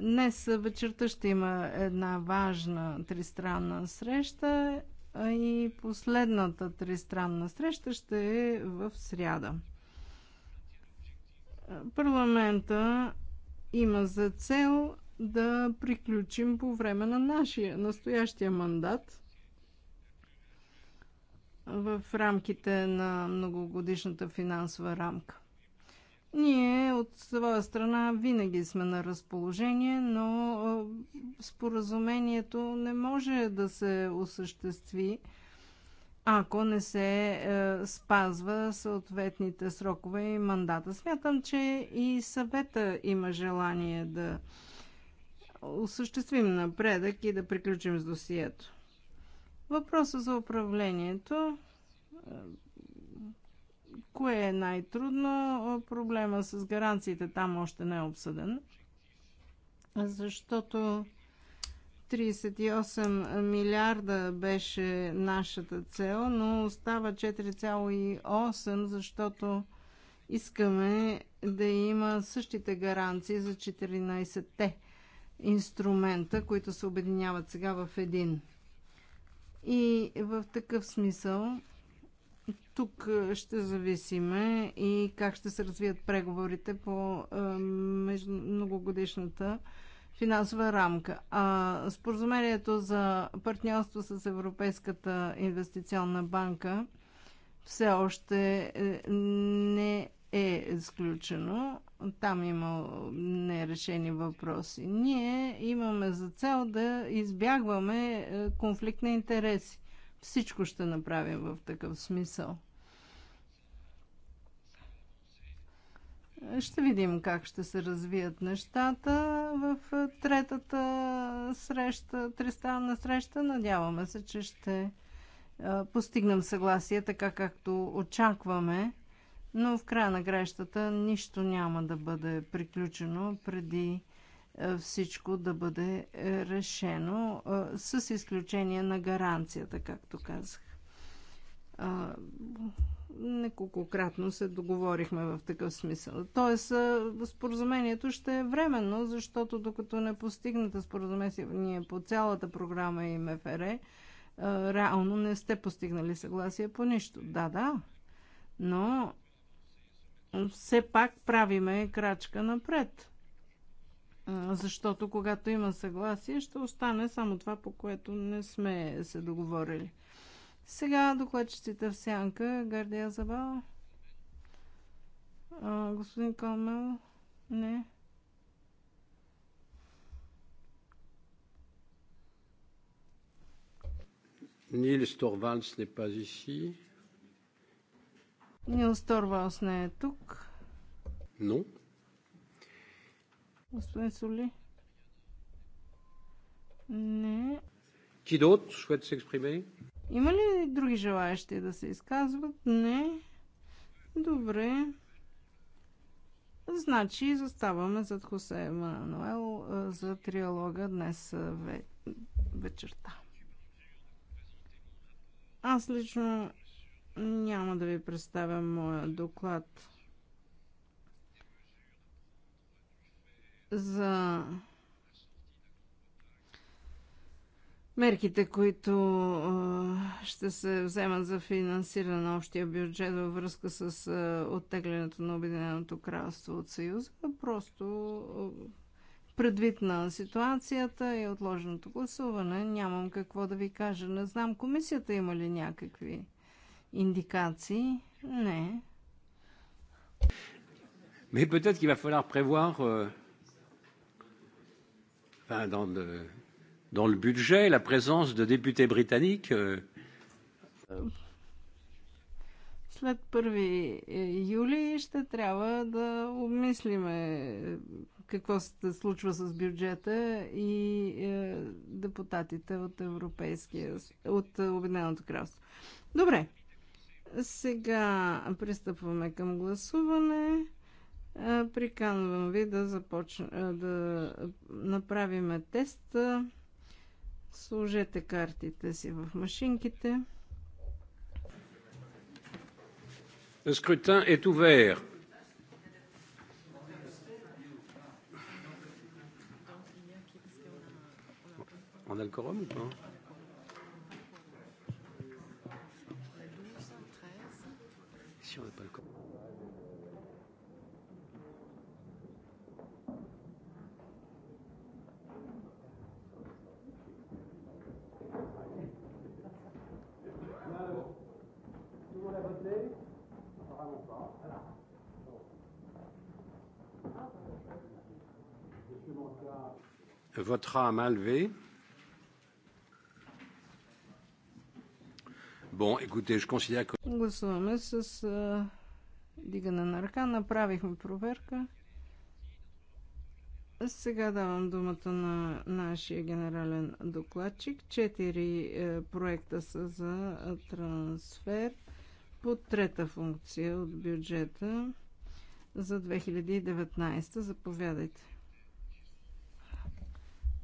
Днес вечерта ще има една важна тристранна среща и последната тристранна среща ще е в сряда. Парламента има за цел да приключим по време на нашия настоящия мандат в рамките на многогодишната финансова рамка. Ние от своя страна винаги сме на разположение, но споразумението не може да се осъществи ако не се е, спазва съответните срокове и мандата. Смятам, че и съвета има желание да осъществим напредък и да приключим с досието. Въпроса за управлението. Е, кое е най-трудно? Проблема с гаранциите там още не е обсъден. Защото 38 милиарда беше нашата цел, но остава 4,8, защото искаме да има същите гаранции за 14-те инструмента, които се обединяват сега в един. И в такъв смисъл тук ще зависиме и как ще се развият преговорите по е, между многогодишната финансова рамка. А споразумението за партньорство с Европейската инвестиционна банка все още е, не е изключено. Там има нерешени въпроси. Ние имаме за цел да избягваме е, конфликт на интереси. Всичко ще направим в такъв смисъл. Ще видим как ще се развият нещата в третата среща, тристранна среща. Надяваме се, че ще постигнем съгласие така както очакваме, но в края на грещата нищо няма да бъде приключено преди всичко да бъде е, решено, с изключение на гаранцията, както казах Неколкократно се договорихме в такъв смисъл. Тоест, споразумението ще е временно, защото докато не постигнете споразумение по цялата програма и МФР, реално не сте постигнали съгласие по нищо. Да, да, но все пак правиме крачка напред. Защото когато има съгласие, ще остане само това, по което не сме се договорили. Сега докладчиците в сянка. Гардия Забава. А, господин Калмел. Не. Нилс Торвалс не пази си. Нилс Торвалс не е тук. Но. Господин Соли. Не. Qui d'autre souhaite s'exprimer има ли други желаящи да се изказват? Не. Добре. Значи, заставаме зад Хосе Мануел за триалога днес вечерта. Аз лично няма да ви представя моя доклад за мерките, които ще се вземат за финансиране на общия бюджет във връзка с оттеглянето на Обединеното кралство от Съюза, е просто предвид на ситуацията и отложеното гласуване, нямам какво да ви кажа. Не знам, комисията има ли някакви индикации? Не. Mais peut-être qu'il va falloir prévoir, euh, enfin, dans dans le budget la présence de députés britanniques. Euh, След 1 е, юли ще трябва да обмислиме е, какво се случва с бюджета и е, депутатите от Европейския, от Обединеното кралство. Добре. Сега пристъпваме към гласуване. Приканвам ви да, започна, да направим теста. Сложете картите си в машинките. Le scrutin est ouvert. On a le quorum ou pas Si on n'a pas le quorum. votera à main levée. Bon, écoutez, je considère que... Гласуваме с а, дигане на ръка. Направихме проверка. Сега давам думата на нашия генерален докладчик. Четири е, проекта са за трансфер по трета функция от бюджета за 2019. Заповядайте.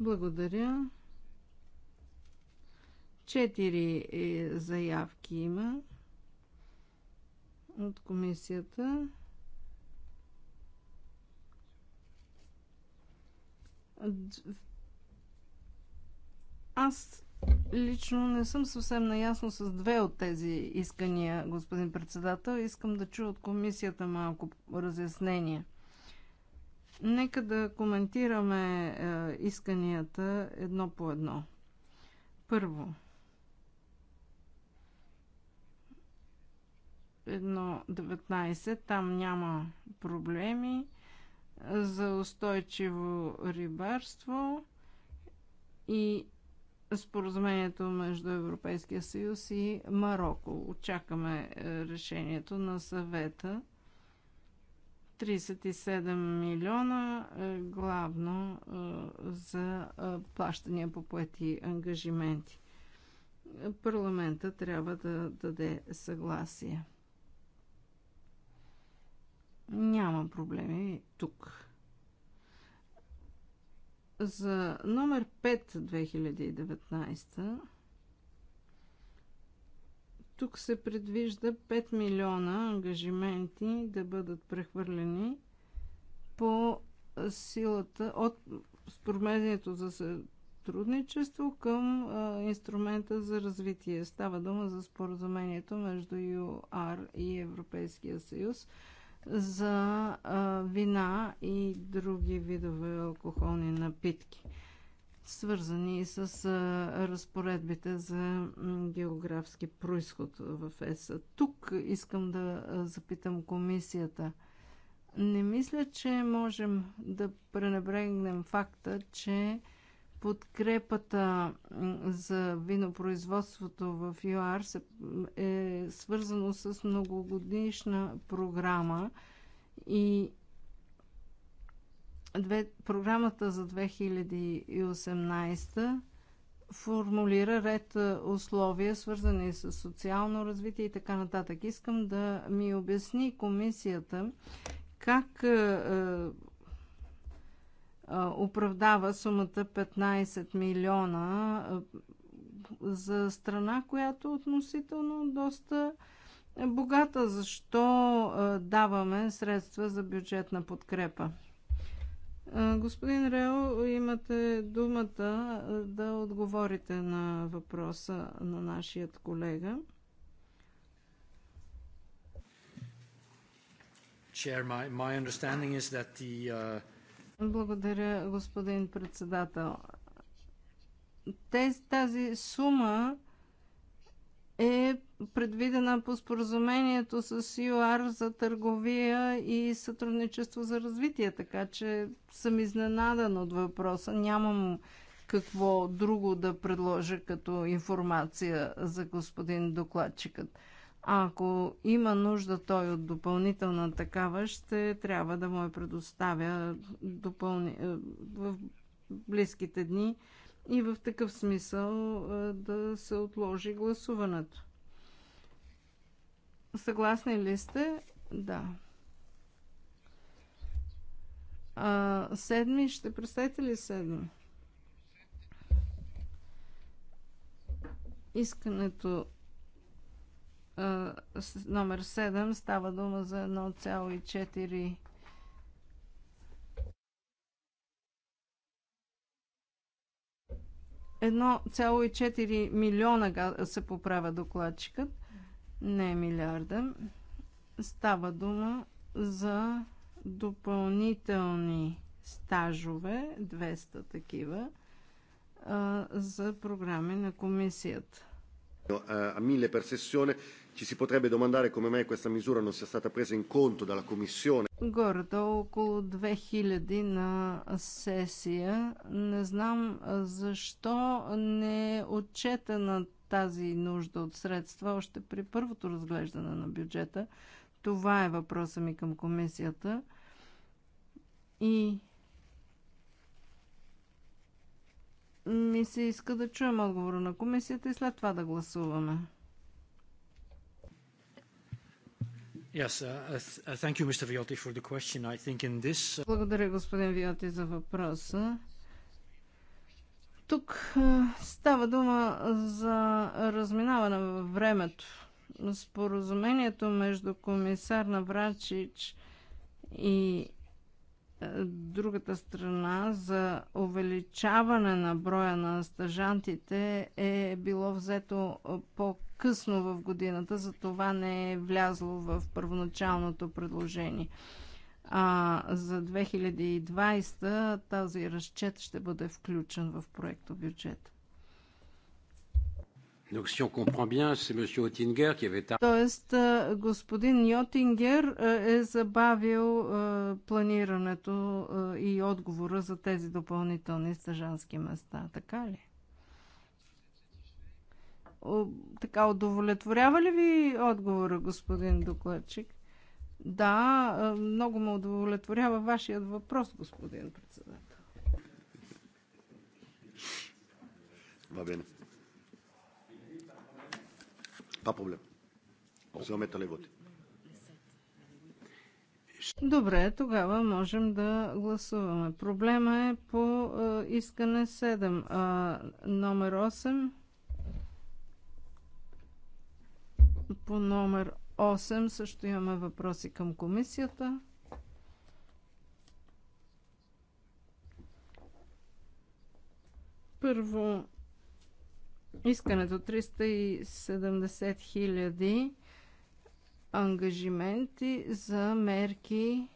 Благодаря. Четири е, заявки има от комисията. Аз лично не съм съвсем наясно с две от тези искания, господин председател. Искам да чуя от комисията малко разяснение. Нека да коментираме е, исканията едно по едно. Първо, едно 19, там няма проблеми за устойчиво рибарство и споразумението между Европейския съюз и Марокко. Очакаме е, решението на съвета. 37 милиона е главно е, за е, плащания по поети ангажименти. Парламента трябва да даде съгласие. Няма проблеми тук. За номер 5 2019 тук се предвижда 5 милиона ангажименти да бъдат прехвърлени по силата от спромедието за сътрудничество към а, инструмента за развитие. Става дума за споразумението между ЮАР и Европейския съюз за а, вина и други видове алкохолни напитки свързани с разпоредбите за географски происход в ЕС. Тук искам да запитам комисията. Не мисля, че можем да пренебрегнем факта, че подкрепата за винопроизводството в ЮАР е свързано с многогодишна програма и две, програмата за 2018 формулира ред условия, свързани с социално развитие и така нататък. Искам да ми обясни комисията как оправдава сумата 15 милиона за страна, която относително доста богата. Защо даваме средства за бюджетна подкрепа? Господин Рео, имате думата да отговорите на въпроса на нашият колега. Uh, Благодаря, господин председател. Тези, тази сума е предвидена по споразумението с ЮАР за търговия и сътрудничество за развитие, така че съм изненадан от въпроса. Нямам какво друго да предложа като информация за господин докладчикът. А ако има нужда той от допълнителна такава, ще трябва да му я предоставя допълни... в близките дни и в такъв смисъл да се отложи гласуването. Съгласни ли сте? Да. А, седми, ще представите ли седми? Искането а, номер 7 става дума за 1,4 1,4 милиона се поправя докладчикът, не е милиарда. Става дума за допълнителни стажове, 200 такива, за програми на комисията. A mille per sessione Ci si potrebbe domandare come mai questa misura non sia stata presa in conto dalla Commissione. горе около 2000 на сесия. Не знам защо не е отчетена тази нужда от средства още при първото разглеждане на бюджета. Това е въпроса ми към комисията. И ми се иска да чуем отговора на комисията и след това да гласуваме. Uh, uh, uh, Благодаря, господин Виоти, за въпроса. Тук става дума за разминаване във времето. Споразумението между комисар Наврачич и е, другата страна за увеличаване на броя на стъжантите е било взето е, по-късно в годината, за това не е влязло в първоначалното предложение. А за 2020 този разчет ще бъде включен в проекто бюджет. Тоест, господин Йотингер е забавил планирането и отговора за тези допълнителни стъжански места, така ли? Така, удовлетворява ли ви отговора, господин докладчик? Да, много ме удовлетворява вашият въпрос, господин председател. Добре. Pas problème. On se remet à les voter. Добре, тогава можем да гласуваме. Проблема е по е, искане 7, а, номер 8. По номер 8 също имаме въпроси към комисията. Първо Искането 370 хиляди ангажименти за мерки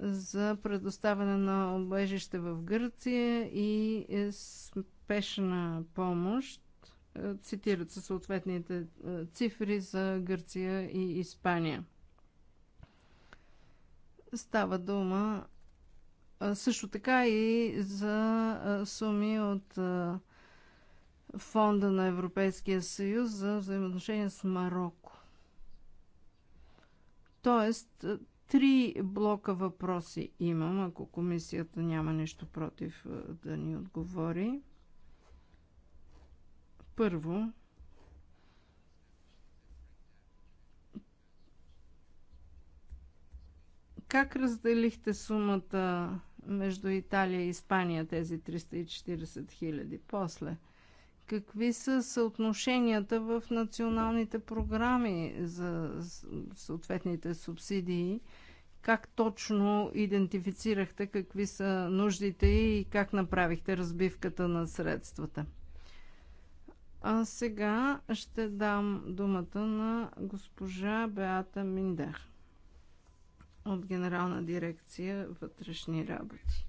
за предоставяне на обежище в Гърция и спешна помощ. Цитират се съответните е, цифри за Гърция и Испания. Става дума е, също така и за е, суми от фонда на Европейския съюз за взаимоотношения с Марокко. Тоест, е, три блока въпроси имам, ако комисията няма нещо против е, да ни отговори. Първо, как разделихте сумата между Италия и Испания, тези 340 хиляди? После – какви са съотношенията в националните програми за съответните субсидии? Как точно идентифицирахте какви са нуждите и как направихте разбивката на средствата? А сега ще дам думата на госпожа Беата Миндер от Генерална дирекция вътрешни работи.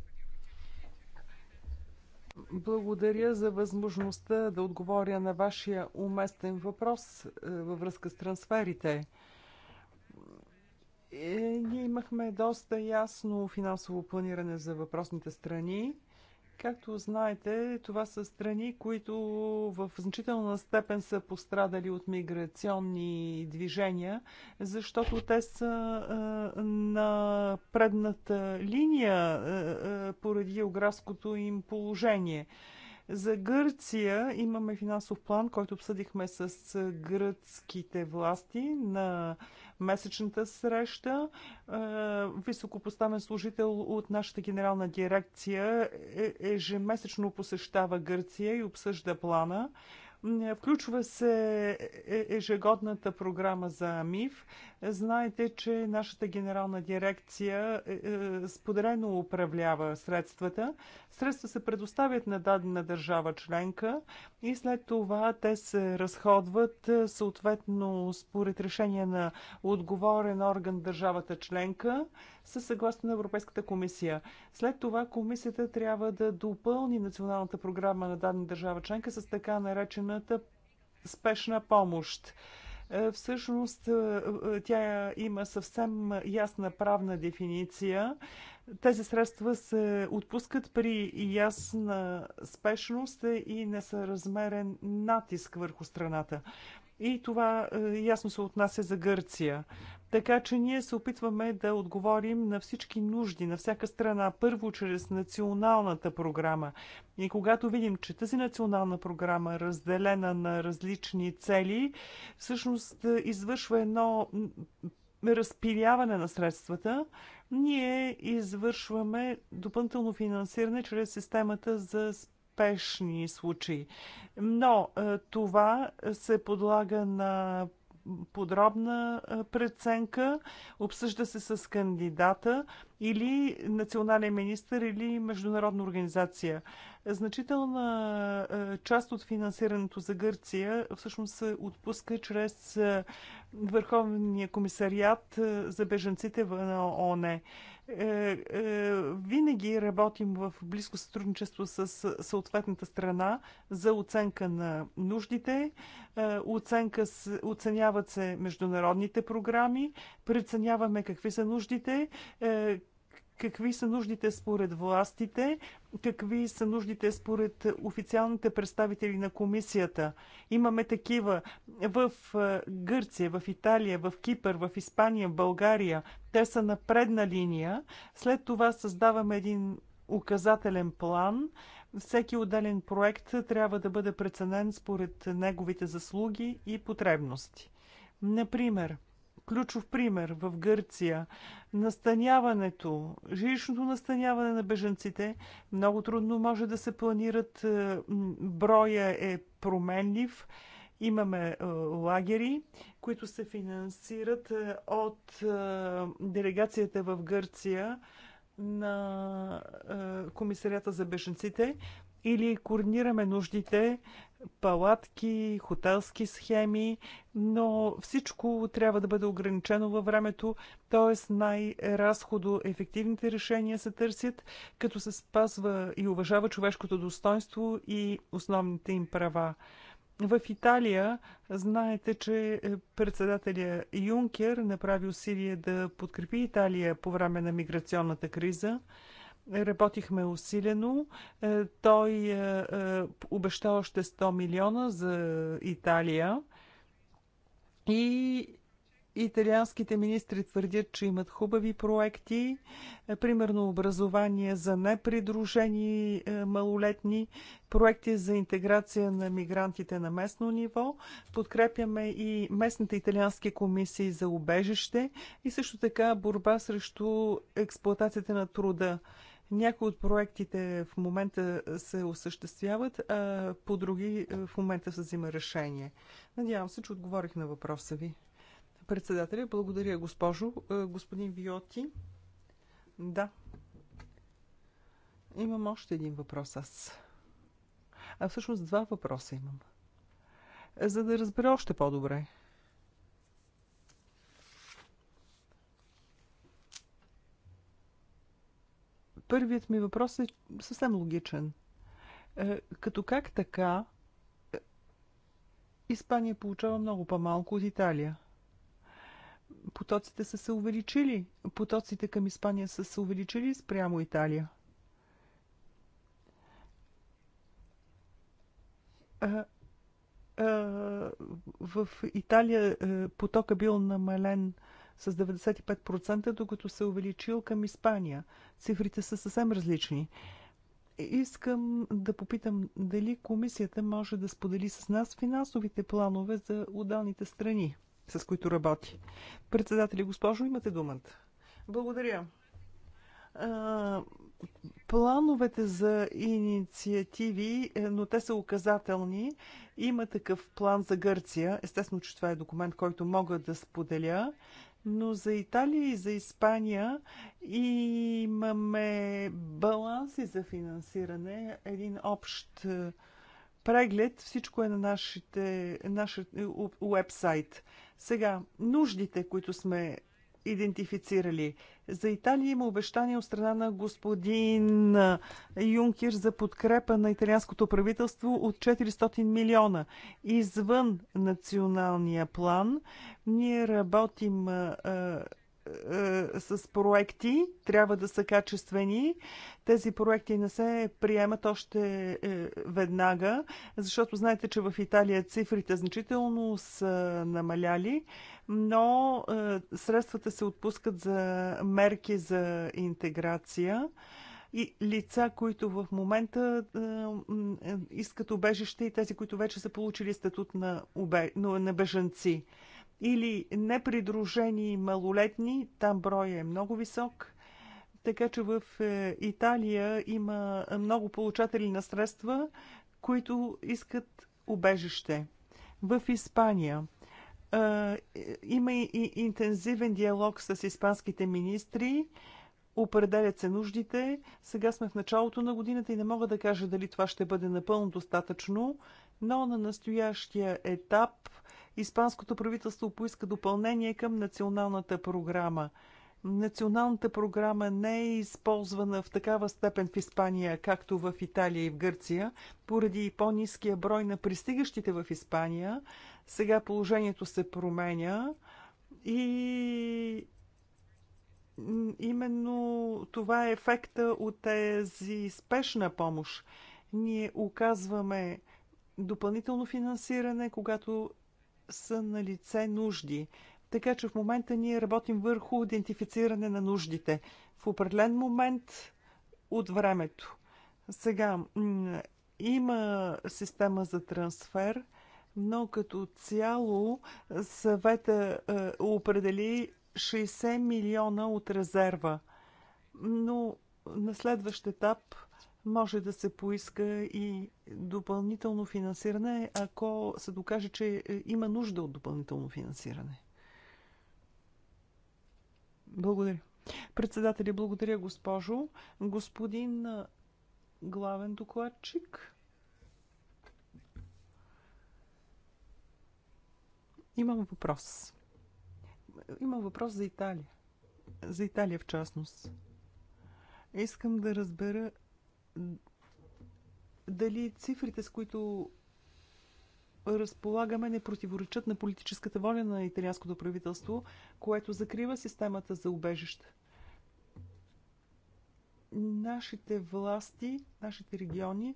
Благодаря за възможността да отговоря на вашия уместен въпрос е, във връзка с трансферите. Е, ние имахме доста ясно финансово планиране за въпросните страни. Както знаете, това са страни, които в значителна степен са пострадали от миграционни движения, защото те са на предната линия поради географското им положение. За Гърция имаме финансов план, който обсъдихме с гръцките власти на месечната среща. Е, високопоставен служител от нашата генерална дирекция е, ежемесечно посещава Гърция и обсъжда плана. Включва се е, ежегодната програма за МИФ. Знаете, че нашата генерална дирекция е, е, споделено управлява средствата. Средства се предоставят на дадена държава членка и след това те се разходват е, съответно според решение на отговорен орган държавата членка със съгласно на Европейската комисия. След това комисията трябва да допълни националната програма на дадена държава членка с така наречената спешна помощ. Е, всъщност е, е, тя има съвсем ясна правна дефиниция. Тези средства се отпускат при ясна спешност и несъразмерен натиск върху страната. И това е, ясно се отнася за Гърция. Така че ние се опитваме да отговорим на всички нужди на всяка страна, първо чрез националната програма. И когато видим, че тази национална програма, е разделена на различни цели, всъщност е, извършва едно разпиляване на средствата, ние извършваме допълнително финансиране чрез системата за спешни случаи. Но е, това се подлага на подробна е, преценка, обсъжда се с кандидата или национален министр или международна организация. Значителна е, част от финансирането за Гърция всъщност се отпуска чрез Върховния комисариат за беженците на ОНЕ. Е, е, винаги работим в близко сътрудничество с съответната страна за оценка на нуждите. Е, оценка, оценяват се международните програми, преценяваме какви са нуждите, какви са нуждите според властите, какви са нуждите според официалните представители на комисията. Имаме такива в Гърция, в Италия, в Кипър, в Испания, в България. Те са на предна линия. След това създаваме един указателен план. Всеки отделен проект трябва да бъде преценен според неговите заслуги и потребности. Например, ключов пример в Гърция. Настаняването, жилищното настаняване на бежанците много трудно може да се планират. Е, броя е променлив. Имаме е, лагери, които се финансират е, от делегацията в Гърция на комисарията за беженците или координираме нуждите, палатки, хотелски схеми, но всичко трябва да бъде ограничено във времето, т.е. най разходо ефективните решения се търсят, като се спазва и уважава човешкото достоинство и основните им права. В Италия знаете, че е, председателя Юнкер направи усилие да подкрепи Италия по време на миграционната криза. Работихме усилено. Е, той е, е, обеща още 100 милиона за Италия. И Италианските министри твърдят, че имат хубави проекти, примерно образование за непридружени малолетни, проекти за интеграция на мигрантите на местно ниво. Подкрепяме и местните италиански комисии за убежище и също така борба срещу експлуатацията на труда. Някои от проектите в момента се осъществяват, а по други в момента се взима решение. Надявам се, че отговорих на въпроса ви. Председателя, благодаря госпожо. Господин Виоти. Да. Имам още един въпрос аз. А всъщност два въпроса имам. За да разбера още по-добре. Първият ми въпрос е съвсем логичен. Е, като как така е, Испания получава много по-малко от Италия? Потоците са се увеличили. Потоците към Испания са се увеличили спрямо Италия. А, е, а, в Италия потока бил намален а, с 95%, докато се е увеличил към Испания. Цифрите са съвсем различни. Искам да попитам дали комисията може да сподели с нас финансовите планове за отдалните страни, с които работи. Председатели, госпожо, имате думата. Благодаря. Плановете за инициативи, е, но те са указателни. Има такъв план за Гърция. Естествено, че това е документ, който мога да споделя но за Италия и за Испания имаме баланси за финансиране, един общ е, преглед, всичко е на нашите, нашия уебсайт. Сега, нуждите, които сме идентифицирали – за Италия има обещание от страна на господин Юнкер за подкрепа на италианското правителство от 400 милиона. Извън националния план ние работим с проекти, трябва да са качествени. Тези проекти не се приемат още е, веднага, защото знаете, че в Италия цифрите значително са намаляли но е, средствата се отпускат за мерки за интеграция и лица, които в момента е, искат обежище и тези, които вече са получили статут на, обе... на бежанци. Или непридружени малолетни, там броя е много висок – така че в е, Италия има много получатели на средства, които искат убежище. В Испания има и интензивен диалог с испанските министри. Определят се нуждите. Сега сме в началото на годината и не мога да кажа дали това ще бъде напълно достатъчно, но на настоящия етап Испанското правителство поиска допълнение към националната програма. Националната програма не е използвана в такава степен в Испания, както в Италия и в Гърция, поради по-низкия брой на пристигащите в Испания, сега положението се променя и именно това е ефекта от тези спешна помощ. Ние оказваме допълнително финансиране, когато са на лице нужди. Така че в момента ние работим върху идентифициране на нуждите. В определен момент от времето. Сега има система за трансфер но като цяло съвета е, определи 60 милиона от резерва. Но на следващ етап може да се поиска и допълнително финансиране, ако се докаже, че има нужда от допълнително финансиране. Благодаря. Председатели, благодаря, госпожо. Господин е, главен докладчик. Имам въпрос. Имам въпрос за Италия. За Италия в частност. Искам да разбера дали цифрите, с които разполагаме, не противоречат на политическата воля на италианското правителство, което закрива системата за убежище. Нашите власти, нашите региони,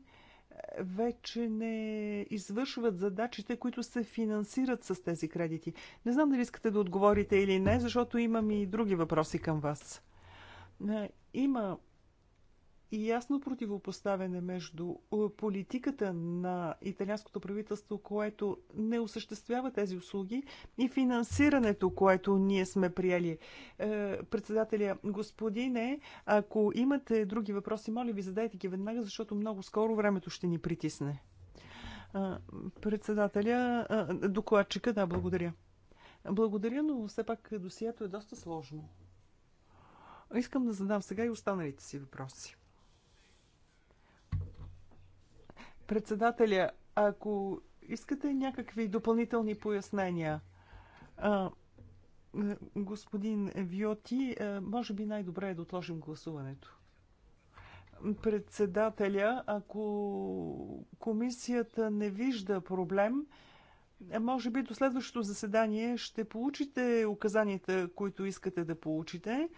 вече не извършват задачите, които се финансират с тези кредити. Не знам дали искате да отговорите или не, защото имам и други въпроси към вас. Е, има и ясно противопоставяне между е, политиката на италианското правителство, което не осъществява тези услуги, и финансирането, което ние сме приели. Е, председателя, господине, ако имате други въпроси, моля ви, задайте ги веднага, защото много скоро времето ще ни притисне. Е, председателя, докладчика, да, благодаря. Благодаря, но все пак досието е доста сложно. Искам да задам сега и останалите си въпроси. Председателя, ако искате някакви допълнителни пояснения, господин Виоти, може би най-добре е да отложим гласуването председателя, ако комисията не вижда проблем, може би до следващото заседание ще получите указанията, които искате да получите.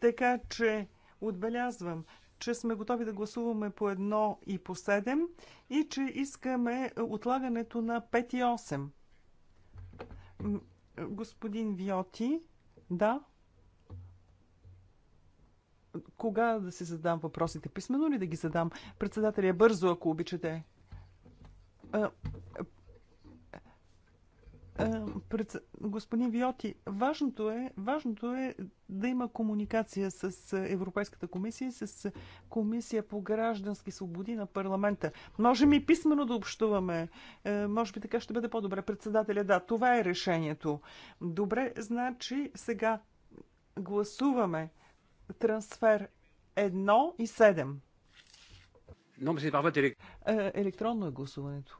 Така че отбелязвам, че сме готови да гласуваме по 1 и по 7 и че искаме отлагането на 5 и 8. Господин Виоти, да. Кога да си задам въпросите? Писмено ли да ги задам? Председателя, бързо, ако обичате. Е, пред... Господин Виоти, важното е, важното е да има комуникация с Европейската комисия, с Комисия по граждански свободи на парламента. Можем и писменно да общуваме. Е, може би така ще бъде по-добре. Председателя, да, това е решението. Добре, значи сега гласуваме трансфер 1 и 7. Е, електронно е гласуването.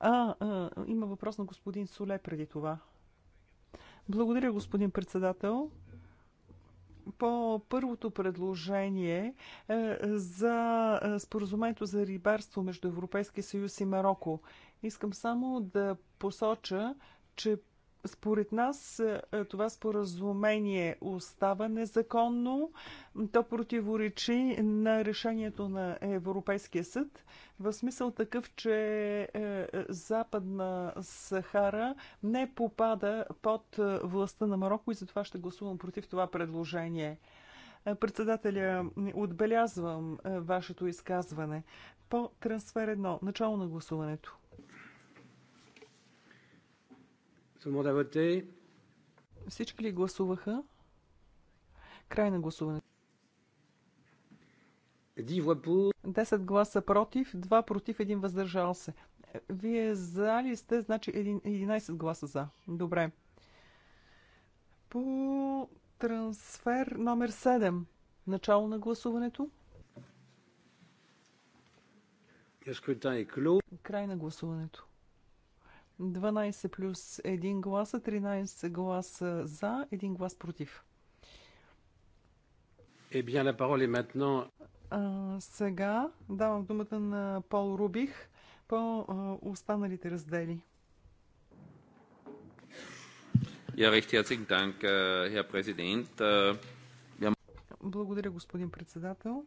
А, а, има въпрос на господин Соле преди това. Благодаря, господин председател по първото предложение е, за е, споразумението за рибарство между Европейския съюз и Марокко. Искам само да посоча, че според нас е, това споразумение остава незаконно. То противоречи на решението на Европейския съд в смисъл такъв, че е, Западна Сахара не попада под е, властта на Марокко и затова ще гласувам против това предложение. Председателя, отбелязвам вашето изказване. По трансфер 1, начало на гласуването. Всички ли гласуваха? Край на гласуването. 10 гласа против, 2 против, 1 въздържал се. Вие за ли сте? Значи 11 гласа за. Добре. По трансфер номер 7. Начало на гласуването. Край на гласуването. 12 плюс 1 гласа, 13 гласа за, 1 глас против. Е, bien, la parole est maintenant... А, сега давам думата на Пол Рубих по а, останалите раздели. Ja, recht herzlichen Dank, äh, Herr Präsident. Äh, Благодаря, господин председател.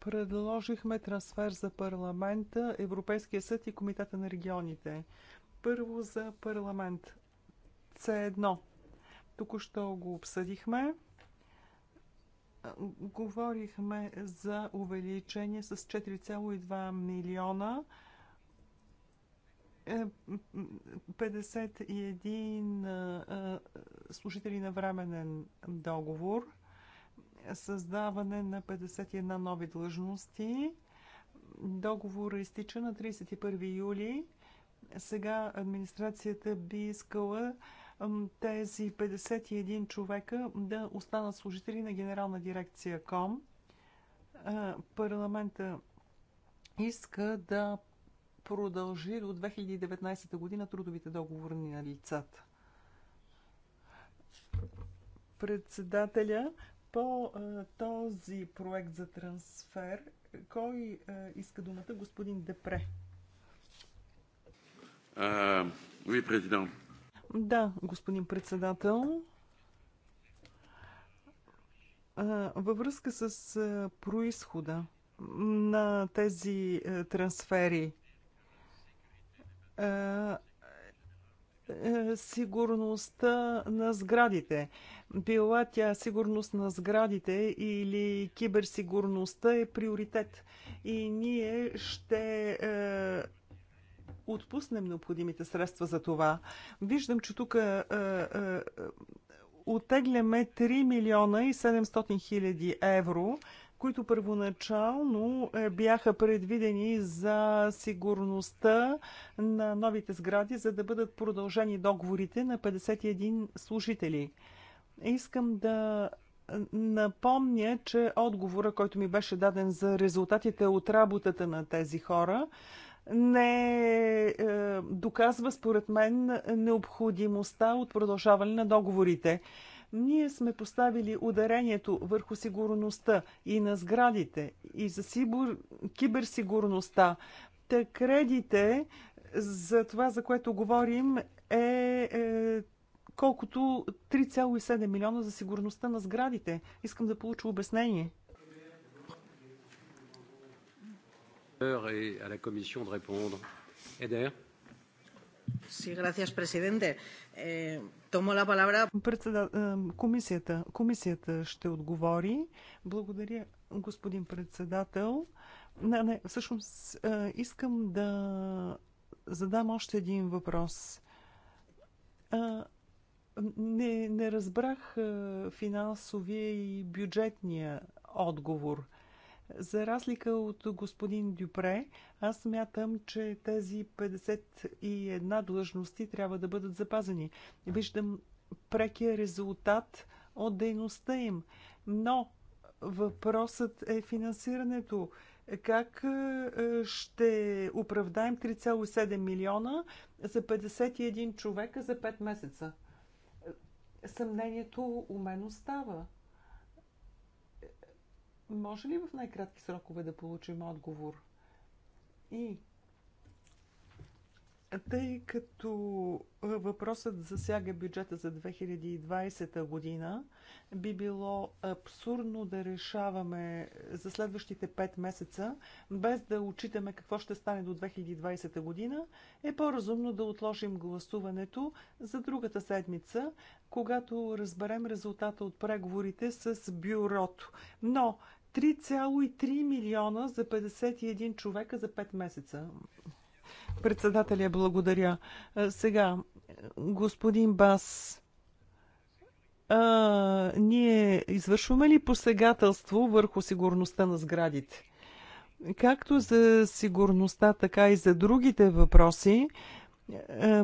Предложихме трансфер за парламента, Европейския съд и Комитета на регионите. Първо за парламент. С1. Току-що го обсъдихме. Говорихме за увеличение с 4,2 милиона. 51 е, служители на временен договор – създаване на 51 нови длъжности. Договор изтича на 31 юли. Сега администрацията би искала тези 51 човека да останат служители на Генерална дирекция КОМ. Парламента иска да продължи до 2019 година трудовите договори на лицата. Председателя по е, този проект за трансфер. Кой е, иска думата? Господин Депре. Ви, президент. Да, господин председател. Във връзка с е, происхода на тези трансфери, е, сигурността на сградите. Била тя сигурност на сградите или киберсигурността е приоритет. И ние ще е, отпуснем необходимите средства за това. Виждам, че тук е, е, е отегляме 3 милиона и 700 хиляди евро които първоначално е, бяха предвидени за сигурността на новите сгради, за да бъдат продължени договорите на 51 служители. Искам да е, напомня, че отговора, който ми беше даден за резултатите от работата на тези хора, не е, доказва, според мен, необходимостта от продължаване на договорите. Ние сме поставили ударението върху сигурността и на сградите, и за сибур... киберсигурността. Та кредите за това, за което говорим, е, е колкото 3,7 милиона за сигурността на сградите. Искам да получа обяснение. Et à la Commission de répondre. Sí, Presidente. Томо ла палабра... Комисията, комисията ще отговори. Благодаря, господин председател. Не, не, всъщност е, искам да задам още един въпрос. Е, не, не разбрах е, финансовия и бюджетния отговор – за разлика от господин Дюпре, аз смятам, че тези 51 длъжности трябва да бъдат запазени. Виждам прекия резултат от дейността им. Но въпросът е финансирането. Как е, ще оправдаем 3,7 милиона за 51 човека за 5 месеца? Съмнението у мен остава. Може ли в най-кратки срокове да получим отговор? И тъй като въпросът засяга бюджета за 2020 година, би било абсурдно да решаваме за следващите 5 месеца, без да отчитаме какво ще стане до 2020 година, е по-разумно да отложим гласуването за другата седмица, когато разберем резултата от преговорите с бюрото. Но 3,3 милиона за 51 човека за 5 месеца. Председателя, благодаря. Сега, господин Бас, а, ние извършваме ли посегателство върху сигурността на сградите? Както за сигурността, така и за другите въпроси,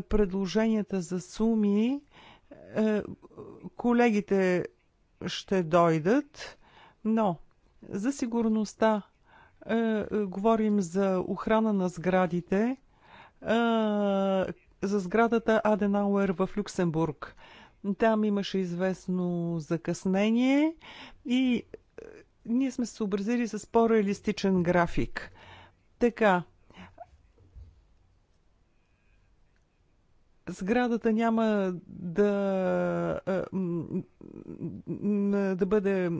предложенията за суми, колегите ще дойдат, но за сигурността е, е, говорим за охрана на сградите, е, за сградата Аденауер в Люксембург. Там имаше известно закъснение и ние сме се съобразили с по-реалистичен график. Така, сградата няма да, да бъде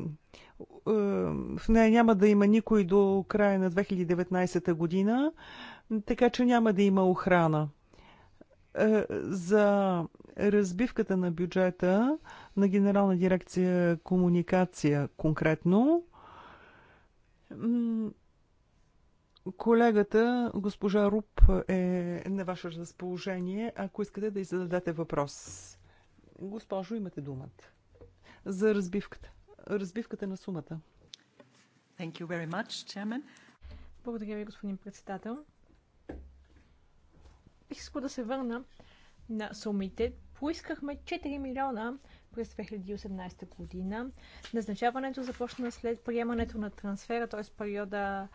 в нея няма да има никой до края на 2019 година, така че няма да има охрана. Е, за разбивката на бюджета на Генерална дирекция комуникация конкретно, колегата госпожа Руб е на ваше разположение, ако искате да й зададете въпрос. Госпожо, имате думата за разбивката разбивката на сумата. Thank you very much, chairman. Благодаря ви, господин председател. Бих искал да се върна на сумите. Поискахме 4 милиона през 2018 година. Назначаването започна след приемането на трансфера, т.е. периода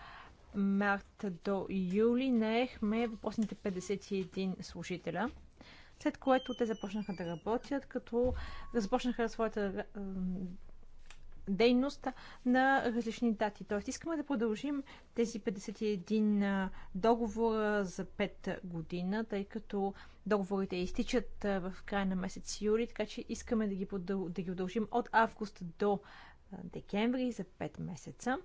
март до юли. Наехме въпросните 51 служителя след което те започнаха да работят, като започнаха своята дейност на различни дати. Тоест искаме да продължим тези 51 договора за 5 година, тъй като договорите изтичат в края на месец юли, така че искаме да ги, продъл... да ги удължим от август до декември за 5 месеца.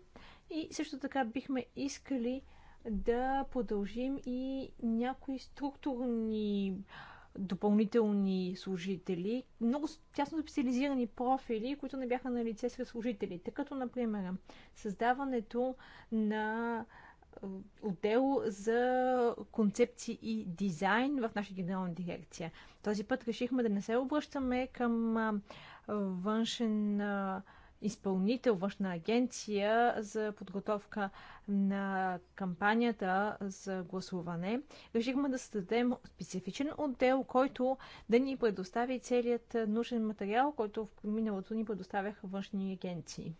И също така бихме искали да продължим и някои структурни а, допълнителни служители, много тясно специализирани профили, които не бяха на лице сред служителите, като, например, създаването на отдел за концепции и дизайн в нашата генерална дирекция. Този път решихме да не се обръщаме към външен изпълнител, външна агенция за подготовка на кампанията за гласуване, решихме да създадем специфичен отдел, който да ни предостави целият нужен материал, който в миналото ни предоставяха външни агенции.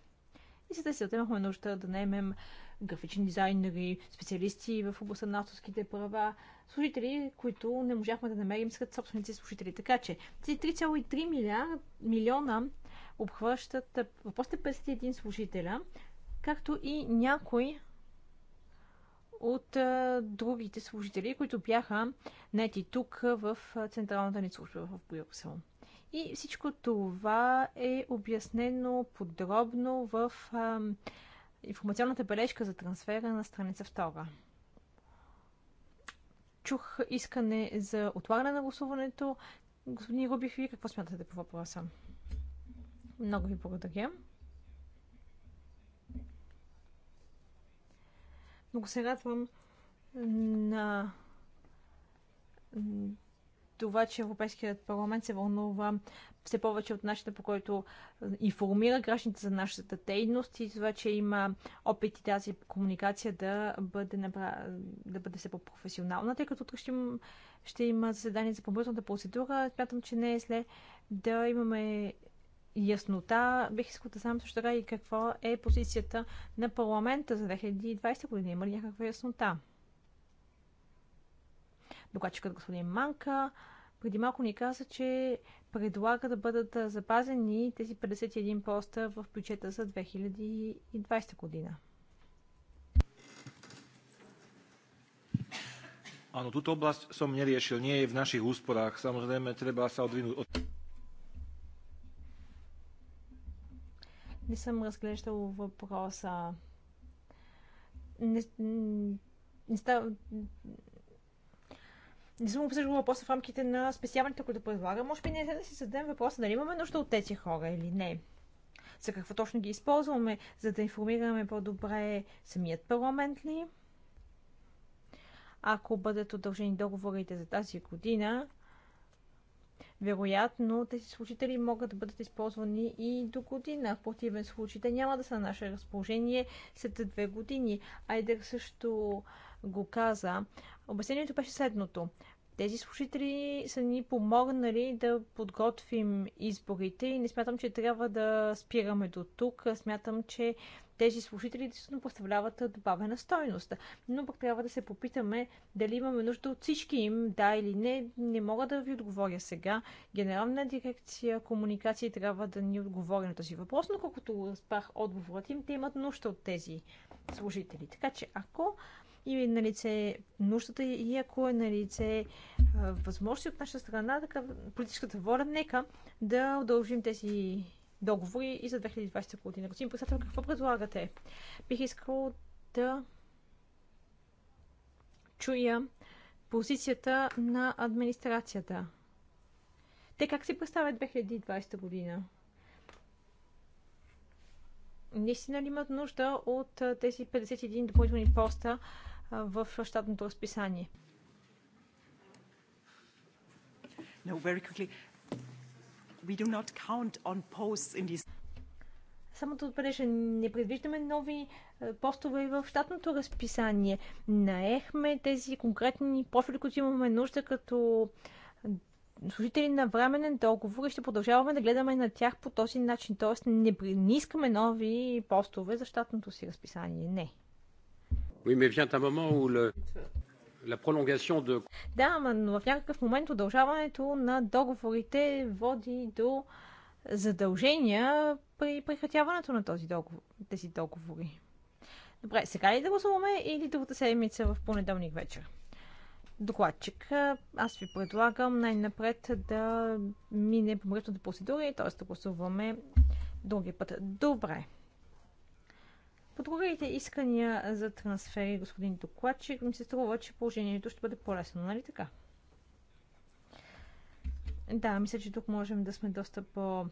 И за да отдел имахме нужда да наемем графични дизайнери, специалисти в областта на авторските права, служители, които не можахме да намерим сред собствените служители. Така че тези 3,3 милиона обхващат е, въпросите 51 служителя, както и някои от а, е, другите служители, които бяха нети тук в е, Централната ни служба в Брюксел. И всичко това е обяснено подробно в а, информационната бележка за трансфера на страница 2. Чух искане за отлагане на гласуването. Господин Рубих, вие какво смятате по въпроса? Много ви благодаря. Много се радвам на това, че Европейският парламент се вълнува все повече от начина, по който информира гражданите за нашата дейност и това, че има опит и тази комуникация да бъде, набра... да бъде все по-професионална, тъй като утре ще, им... ще има заседание за промъжната процедура. Смятам, че не е зле да имаме яснота. Бих искал да знам също така и какво е позицията на парламента за 2020 година. Има ли някаква яснота? Докладчикът господин Манка преди малко ни каза, че предлага да бъдат запазени тези 51 поста в бюджета за 2020 година. Ано, túto област съм не решил. не е в наших успорах. treba треба са od... не съм разглеждал въпроса. Не, не, става, не съм обсъждал въпроса в рамките на специалните, които предлагам. Може би не е да си зададем въпроса дали имаме нужда от тези хора или не. За какво точно ги използваме, за да информираме по-добре самият парламент ли? Ако бъдат удължени договорите за тази година, вероятно тези служители могат да бъдат използвани и до година. В противен случай те няма да са на наше разположение след две години. Айдер също го каза. Обяснението беше следното. Тези служители са ни помогнали да подготвим изборите и не смятам, че трябва да спираме до тук. Смятам, че тези служители действително представляват добавена стойност. Но пък трябва да се попитаме дали имаме нужда от всички им, да или не. Не мога да ви отговоря сега. Генерална дирекция комуникации трябва да ни отговори на този въпрос, но колкото разбрах отговорът им, те имат нужда от тези служители. Така че ако и на лице нуждата и ако е на лице възможности от наша страна, така политическата воля, нека да удължим тези договори и за 2020 година. Господин председател, какво предлагате? Бих искал да чуя позицията на администрацията. Те как си представят 2020 година? Наистина ли имат нужда от тези 51 допълнителни поста в щатното разписание. No, very quickly. We do not count on posts in this само да отбележа, не предвиждаме нови постове в щатното разписание. Наехме тези конкретни профили, които имаме нужда като служители на временен договор и ще продължаваме да гледаме на тях по този начин. Тоест не, не искаме нови постове за щатното си разписание. Не. Oui, mais vient un moment où le... La de... Да, но в някакъв момент удължаването на договорите води до задължения при прекратяването на този договор, тези договори. Добре, сега ли да гласуваме или другата седмица в понеделник вечер? Докладчик, аз ви предлагам най-напред да мине по мръсната процедура, т.е. да гласуваме други път. Добре. По другите искания за трансфери, господин докладчик, ми се струва, че положението ще бъде по-лесно, нали така? Да, мисля, че тук можем да сме доста по-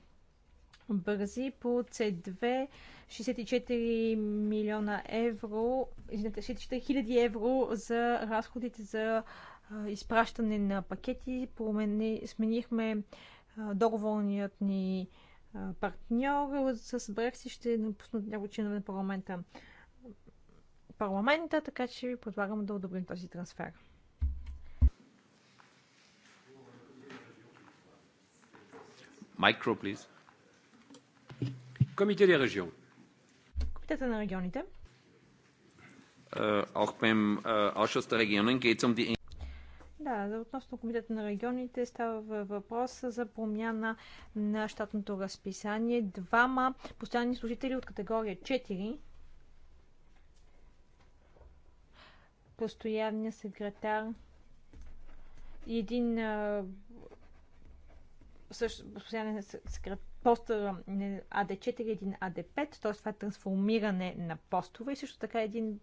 бързи по C2 64 милиона евро, извинете, 64 хиляди евро за разходите за изпращане на пакети. Промени, сменихме договорният ни партньор. С Брекси ще напуснат някои чинове на парламента. парламента, така че ви предлагам да одобрим този трансфер. Micro, please. Комитет на регион. Комитета на регионите. Auch beim Ausschuss der Regionen geht es um die да, за относно Комитета на регионите става въпрос за промяна на щатното разписание. Двама постоянни служители от категория 4 постоянния секретар и един също постоянен секретар Пост AD4, и AD5, т.е. това е трансформиране на постове и също така един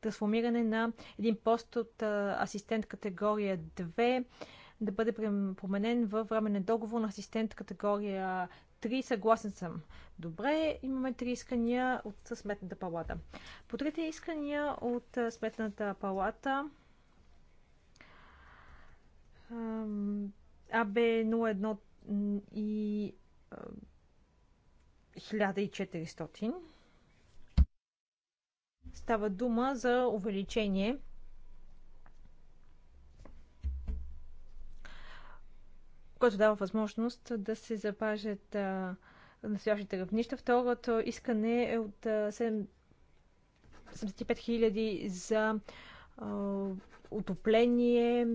трансформиране на един пост от асистент категория 2 да бъде променен във временен договор на асистент категория 3. Съгласен съм. Добре, имаме три искания от Сметната палата. По трите искания от Сметната палата АБ01 и 1400. Става дума за увеличение което дава възможност да се запазят настоящите равнища. Второто искане е от 75 000 за а, отопление,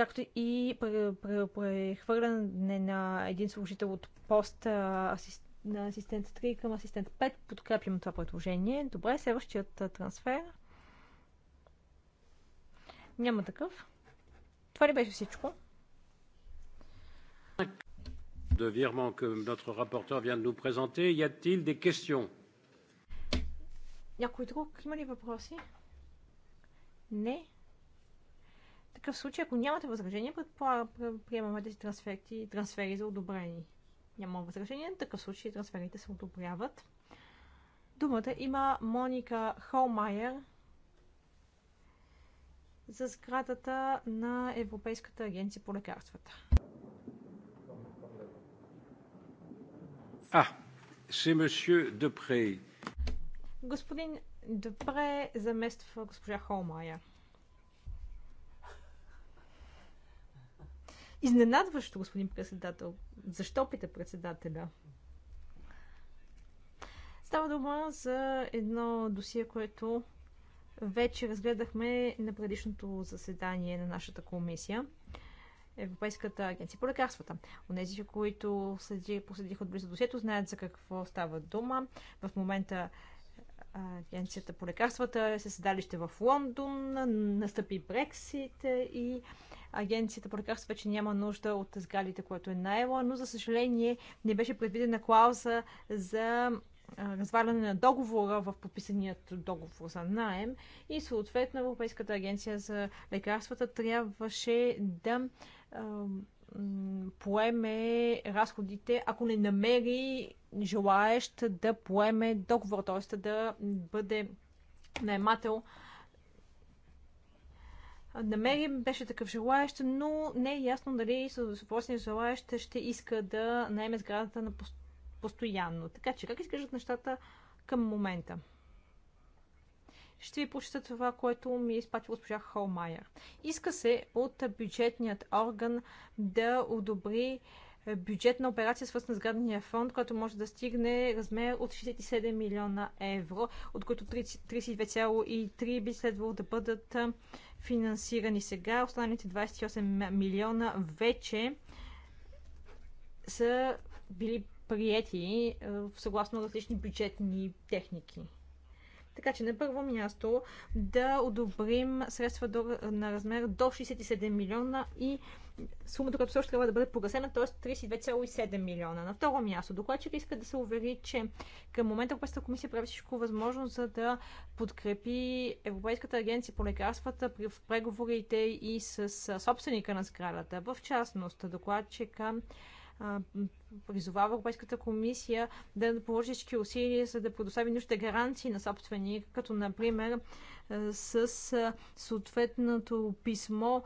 както и прехвърляне на един служител от пост асист, на асистент 3 към асистент 5. подкрепим това предложение. Добре, следващият трансфер. Няма такъв. Това ли беше всичко? de virement que notre rapporteur vient de nous présenter. Y a-t-il des questions Някой друг има ли въпроси? Не такъв случай, ако нямате възражение, предполагам, приемаме тези трансфери, трансфери за одобрени. Няма възражение, в такъв случай трансферите се одобряват. Думата има Моника Холмайер за сградата на Европейската агенция по лекарствата. А, си месье Депре. Господин Депре замества госпожа Холмайер. Изненадващо, господин председател. Защо пита председателя? Става дума за едно досие, което вече разгледахме на предишното заседание на нашата комисия. Европейската агенция по лекарствата. Онези, които следи, последиха отблизо досието, знаят за какво става дума. В момента Агенцията по лекарствата се седалище в Лондон, настъпи Брексит и Агенцията по лекарства вече няма нужда от сградите, което е наела, но за съжаление не беше предвидена клауза за разваляне на договора в подписаният договор за найем и съответно Европейската агенция за лекарствата трябваше да поеме разходите, ако не намери желаещ да поеме договор, т.е. да бъде наемател. Намери беше такъв желаещ, но не е ясно дали въпросният желаещ ще иска да наеме сградата на постоянно. Така че как изглеждат нещата към момента? Ще ви прочета това, което ми е изпратила госпожа Холмайер. Иска се от бюджетният орган да одобри е, бюджетна операция, свързана с градния фонд, която може да стигне размер от 67 милиона евро, от които 32,3 би следвало да бъдат е, финансирани сега. Останалите 28 милиона вече са били приети е, съгласно различни бюджетни техники. Така че на първо място да одобрим средства до, на размер до 67 милиона и сумата, която също трябва да бъде погасена, т.е. 32,7 милиона. На второ място, докладчик иска да се увери, че към момента Европейската комисия прави всичко възможно, за да подкрепи Европейската агенция по лекарствата в преговорите и с собственика на сградата. В частност, докладчика призовава Европейската комисия да положи всички усилия, за да предостави нужните гаранции на собственик, като например с съответното писмо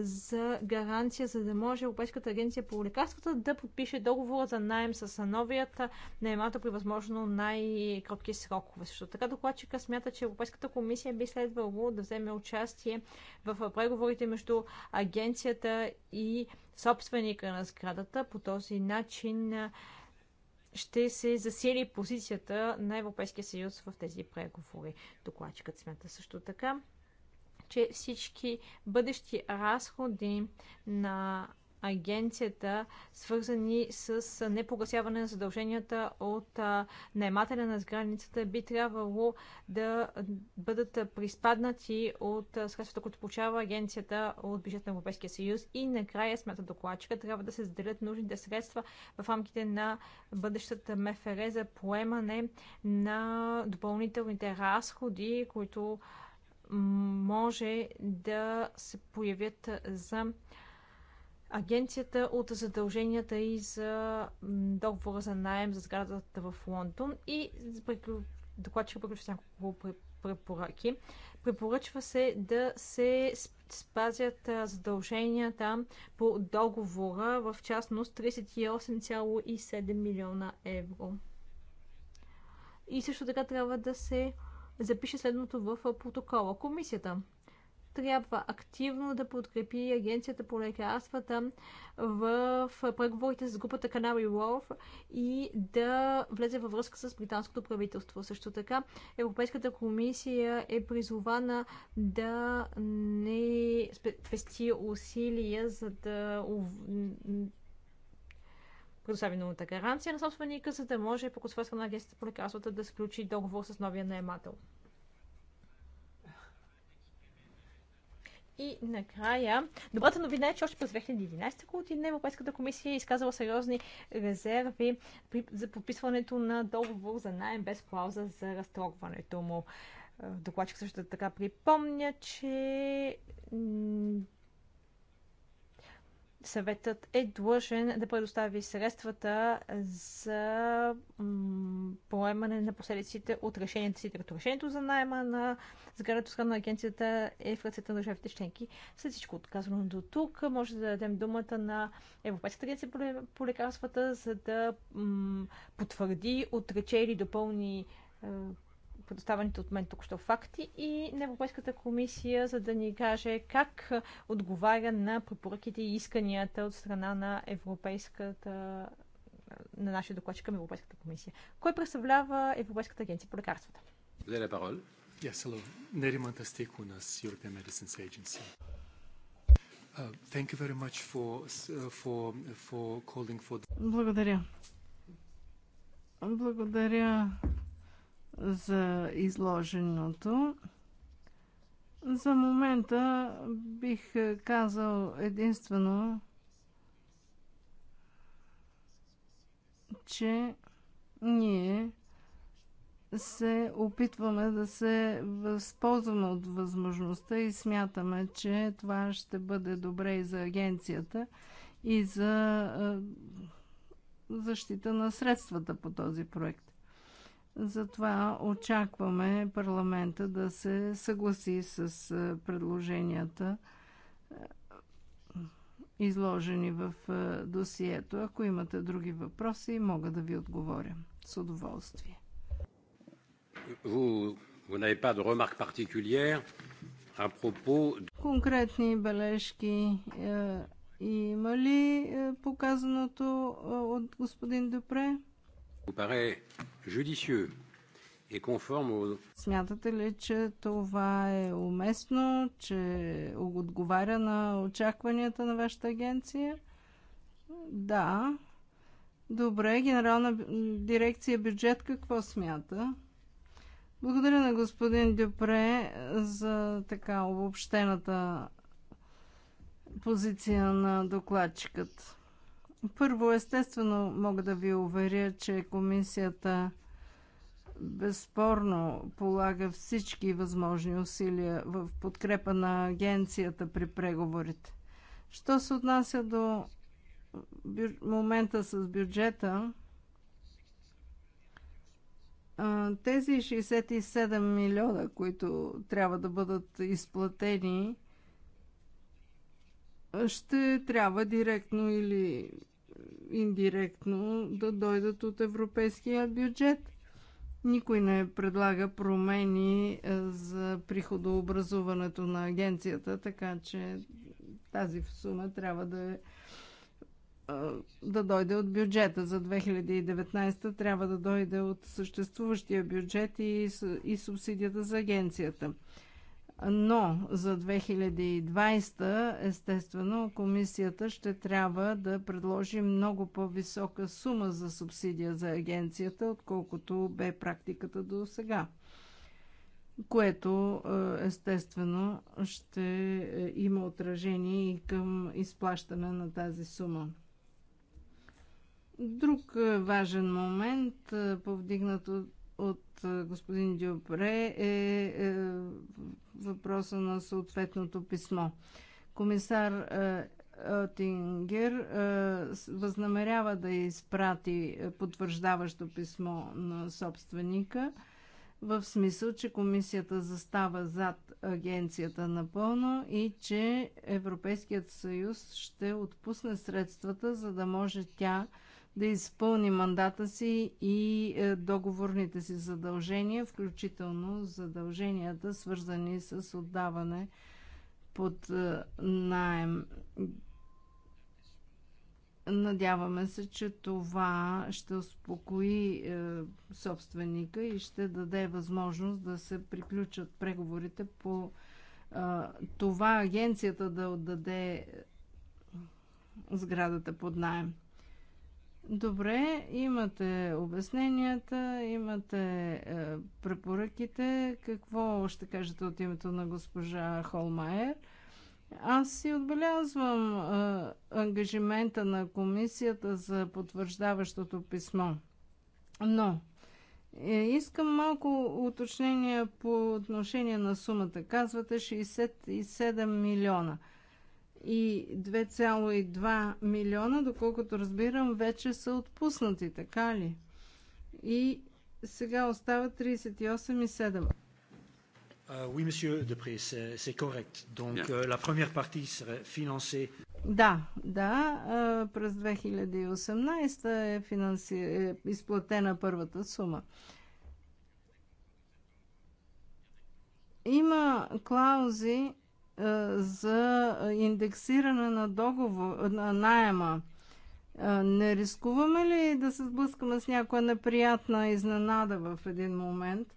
за гаранция, за да може Европейската агенция по лекарствата да подпише договора за найем с новият наемател при възможно най-кротки срокове. Също така докладчика смята, че Европейската комисия би следвало да вземе участие в преговорите между агенцията и собственика на сградата. По този начин ще се засили позицията на Европейския съюз в тези преговори. Докладчикът смята също така, че всички бъдещи разходи на агенцията, свързани с непогасяване на задълженията от наемателя на сграницата, би трябвало да бъдат приспаднати от средствата, които получава агенцията от бюджета на Европейския съюз. И накрая, смята докладчика, трябва да се заделят нужните средства в рамките на бъдещата МФР за поемане на допълнителните разходи, които може да се появят за агенцията от задълженията и за договора за найем за сградата в Лондон и докладчика приключва с няколко препоръки. Препоръчва се да се спазят задълженията по договора, в частност 38,7 милиона евро. И също така трябва да се запише следното в протокола. Комисията трябва активно да подкрепи Агенцията по лекарствата в преговорите с групата Canary Wharf и да влезе във връзка с британското правителство. Също така Европейската комисия е призована да не пести усилия, за да предостави новата гаранция на собственика, за да може по на агенцията по лекарствата да сключи договор с новия наемател. И накрая, добрата новина е, че още през 2011 година Европейската комисия е изказала сериозни резерви за подписването на договор за найем без клауза за разтрогването му. Е, докладчик също така припомня, че съветът е длъжен да предостави средствата за поемане на последиците от решението си. Като решението за найема на сградата страна на агенцията е в ръцете на държавите членки. След всичко отказано до тук, може да дадем думата на Европейската агенция по лекарствата, за да потвърди, отрече или допълни е, предоставените от мен току-що факти и на Европейската комисия, за да ни каже как отговаря на препоръките и исканията от страна на Европейската на нашия докладчик към Европейската комисия. Кой представлява Европейската агенция по лекарствата? Леле парол. Yes, hello. Neriman Tastikunas, European Medicines Agency. Uh, thank you very much for, uh, for, for calling for... Благодаря. Благодаря за изложеното. За момента бих казал единствено, че ние се опитваме да се възползваме от възможността и смятаме, че това ще бъде добре и за агенцията, и за защита на средствата по този проект. Затова очакваме парламента да се съгласи с е, предложенията, е, изложени в е, досието. Ако имате други въпроси, мога да ви отговоря с удоволствие. Конкретни бележки има ли показаното от господин Дупре? Смятате ли, че това е уместно, че отговаря на очакванията на вашата агенция? Да. Добре, генерална дирекция бюджет какво смята? Благодаря на господин Дюпре за така обобщената позиция на докладчикът. Първо, естествено, мога да ви уверя, че комисията безспорно полага всички възможни усилия в подкрепа на агенцията при преговорите. Що се отнася до момента с бюджета, тези 67 милиона, които трябва да бъдат изплатени, ще трябва директно или индиректно да дойдат от европейския бюджет. Никой не предлага промени е, за приходообразуването на агенцията, така че тази сума трябва да е, е, да дойде от бюджета за 2019, трябва да дойде от съществуващия бюджет и, и субсидията за агенцията. Но за 2020, естествено, комисията ще трябва да предложи много по-висока сума за субсидия за агенцията, отколкото бе практиката до сега. Което, е, естествено, ще е, има отражение и към изплащане на тази сума. Друг е, важен момент, повдигнат от от е, господин Дюпре е, е въпроса на съответното писмо. Комисар е, Отингер възнамерява да изпрати потвърждаващо писмо на собственика в смисъл, че комисията застава зад агенцията напълно и че Европейският съюз ще отпусне средствата, за да може тя да изпълни мандата си и е, договорните си задължения, включително задълженията, свързани с отдаване под е, найем. Надяваме се, че това ще успокои е, собственика и ще даде възможност да се приключат преговорите по е, това агенцията да отдаде е, сградата под найем. Добре, имате обясненията, имате е, препоръките. Какво ще кажете от името на госпожа Холмайер? Аз си отбелязвам е, ангажимента на комисията за потвърждаващото писмо. Но е, искам малко уточнение по отношение на сумата. Казвате 67 милиона – и 2,2 милиона, доколкото разбирам, вече са отпуснати, така ли? И сега остава 38,7. Uh, oui, monsieur Depré, c'est correct. Donc, yeah. euh, la première partie serait financée. Да, да, през 2018 е, финанси... е изплатена първата сума. Има клаузи е, за индексиране на, договор, на найема. Е, не рискуваме ли да се сблъскаме с някоя неприятна изненада в един момент?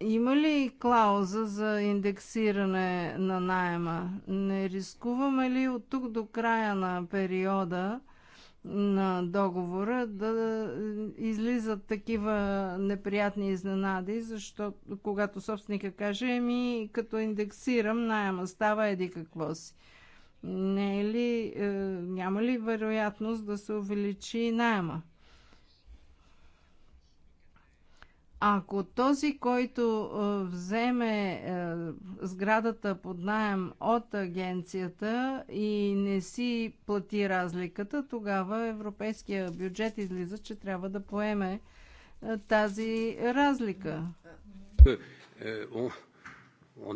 Има ли клауза за индексиране на найема? Не рискуваме ли от тук до края на периода на договора да излизат такива неприятни изненади, защото когато собственика каже, ми като индексирам, найема става еди какво си. Не е ли, е, няма ли вероятност да се увеличи найема? Ако този, който е, вземе сградата под найем от агенцията и не си плати разликата, тогава европейския бюджет излиза, че трябва да поеме е, тази разлика. On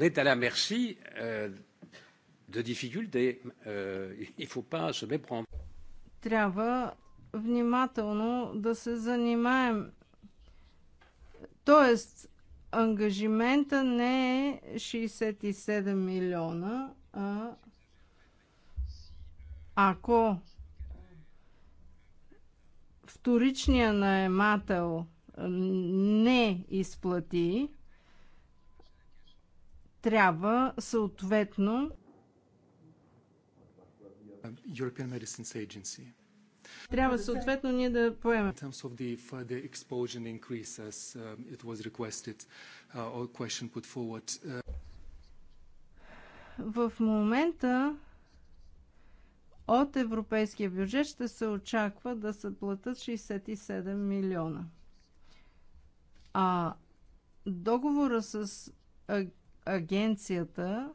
е, е, est à la merci de difficultés. Il faut pas se méprendre. Трябва внимателно да се занимаем. Тоест, ангажимента не е 67 милиона, а ако вторичния наемател не изплати, трябва съответно European Medicines Agency трябва съответно ние да поемем. Um, uh, uh, В момента от европейския бюджет ще се очаква да се платят 67 милиона. А договора с агенцията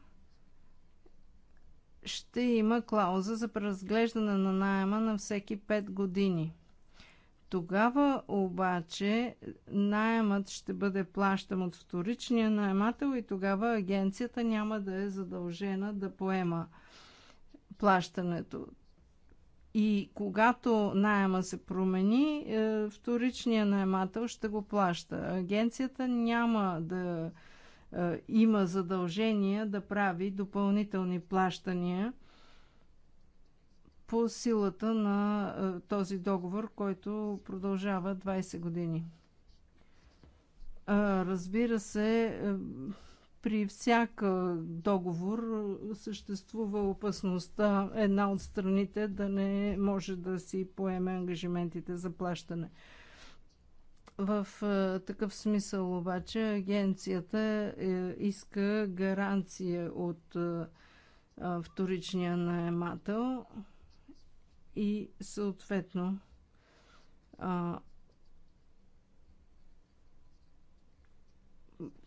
ще има клауза за преразглеждане на найема на всеки 5 години. Тогава обаче найемът ще бъде плащан от вторичния наемател и тогава агенцията няма да е задължена да поема плащането. И когато найема се промени, е, вторичният наемател ще го плаща. Агенцията няма да е, има задължение да прави допълнителни плащания по силата на е, този договор, който продължава 20 години. Е, разбира се, при всяка договор съществува опасността една от страните да не може да си поеме ангажиментите за плащане. В е, такъв смисъл обаче агенцията е, иска гаранция от е, вторичния наемател и съответно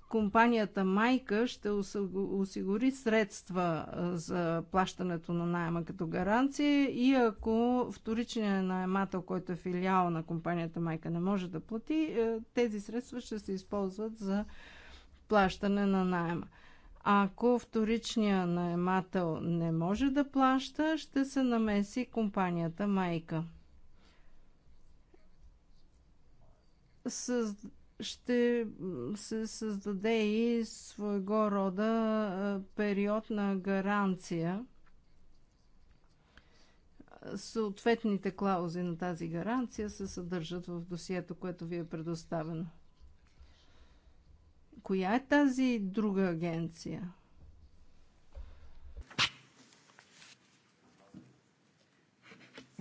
компанията майка ще осигури средства за плащането на найема като гаранция и ако вторичният наемател, който е филиал на компанията майка, не може да плати, е, тези средства ще се използват за плащане на найема. Ако вторичният наемател не може да плаща, ще се намеси компанията майка ще се създаде и своего рода период на гаранция. Съответните клаузи на тази гаранция се съдържат в досието, което ви е предоставено. Коя е тази друга агенция?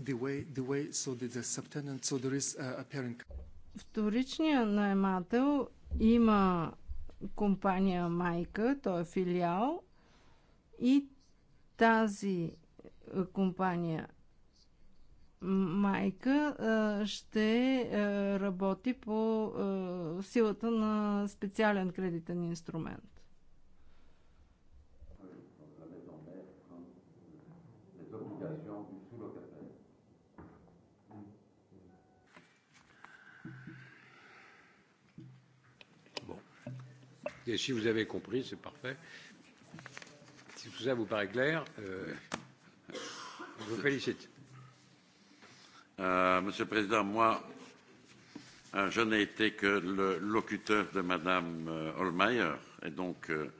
The way, the way, so the, the subtenant, so there is a, uh, a parent. Вторичният наемател има компания майка, той е филиал и тази е, компания майка е, ще е, работи по силата на специален кредитен инструмент. Et si vous avez compris, c'est parfait. Si tout ça vous paraît clair, euh, je vous félicite. Euh, Monsieur le Président, moi, euh, je n'ai été que le locuteur de Madame euh, Holmeyer, et donc euh,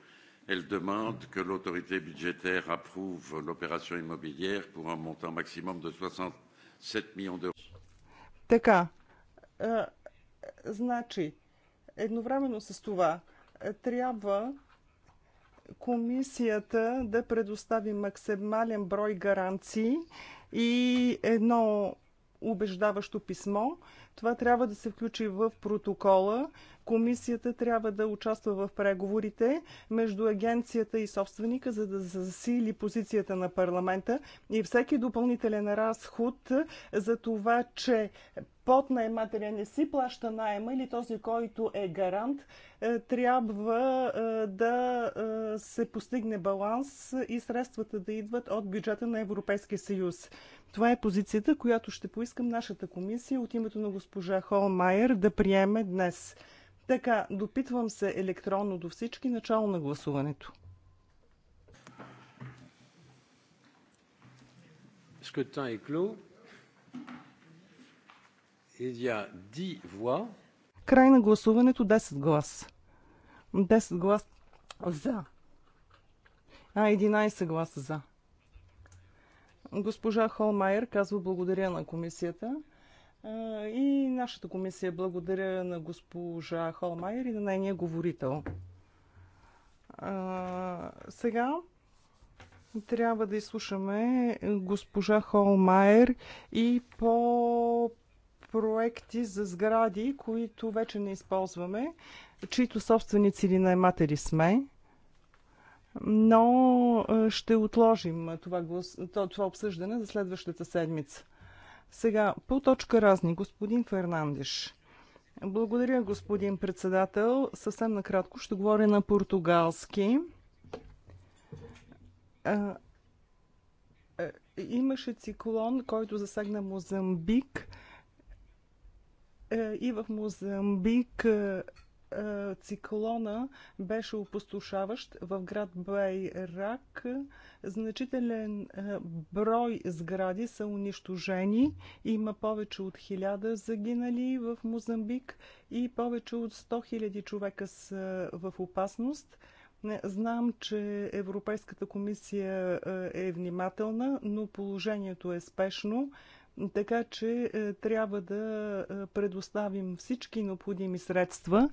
elle demande que l'autorité budgétaire approuve l'opération immobilière pour un montant maximum de 67 millions d'euros. Така, значи, едновременно с това, трябва комисията да предостави максимален брой гаранции и едно убеждаващо писмо, това трябва да се включи в протокола. Комисията трябва да участва в преговорите между агенцията и собственика, за да засили позицията на парламента и всеки допълнителен разход за това, че под наймателя не си плаща найема или този, който е гарант, е, трябва е, да е, се постигне баланс и средствата да идват от бюджета на Европейския съюз. Това е позицията, която ще поискам нашата комисия от името на госпожа Холмайер да приеме днес. Така, допитвам се електронно до всички начало на гласуването. Скрутин е кло. Il y a 10 voix. Край на гласуването 10 глас. 10 глас за. А, 11 гласа за. Госпожа Холмайер казва благодаря на комисията. И нашата комисия благодаря на госпожа Холмайер и на нейния говорител. Сега трябва да изслушаме госпожа Холмайер и по проекти за сгради, които вече не използваме, чието собственици или найматели сме но е, ще отложим това, глас... това обсъждане за следващата седмица. Сега, по точка разни, господин Фернандиш. Благодаря, господин председател. Съвсем накратко ще говоря на португалски. Е, е, имаше циклон, който засегна Мозамбик. И в Мозамбик е, циклона беше опустошаващ в град Бейрак. Значителен е, брой сгради са унищожени. Има повече от 1000 загинали в Мозамбик и повече от 100 000 човека са в опасност. Е, знам, че Европейската комисия е внимателна, но положението е спешно. Така че е, трябва да е, предоставим всички необходими средства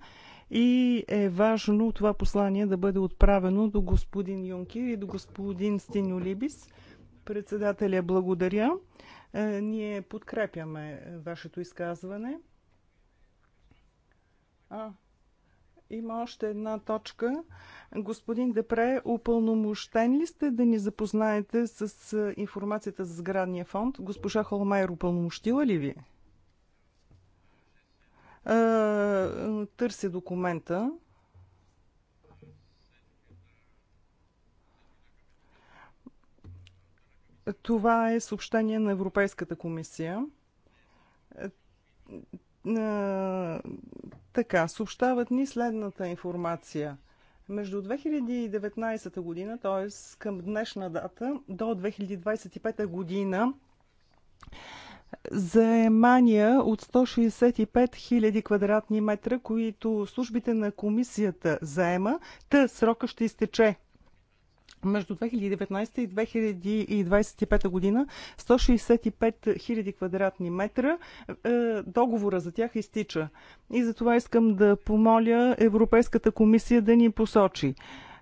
и е важно това послание да бъде отправено до господин Юнкер и до господин Стиньо Либис. Председателя, благодаря. Е, ние подкрепяме вашето изказване. А, има още една точка. Господин Депре, упълномощен ли сте да ни запознаете с информацията за сградния фонд? Госпожа Холмайер упълномощила ли ви? Търся документа. Това е съобщение на Европейската комисия така, съобщават ни следната информация. Между 2019 година, т.е. към днешна дата, до 2025 година, заемания от 165 000 квадратни метра, които службите на комисията заема, та срока ще изтече между 2019 и 2025 година 165 000 квадратни метра. Е, договора за тях изтича. И за това искам да помоля Европейската комисия да ни посочи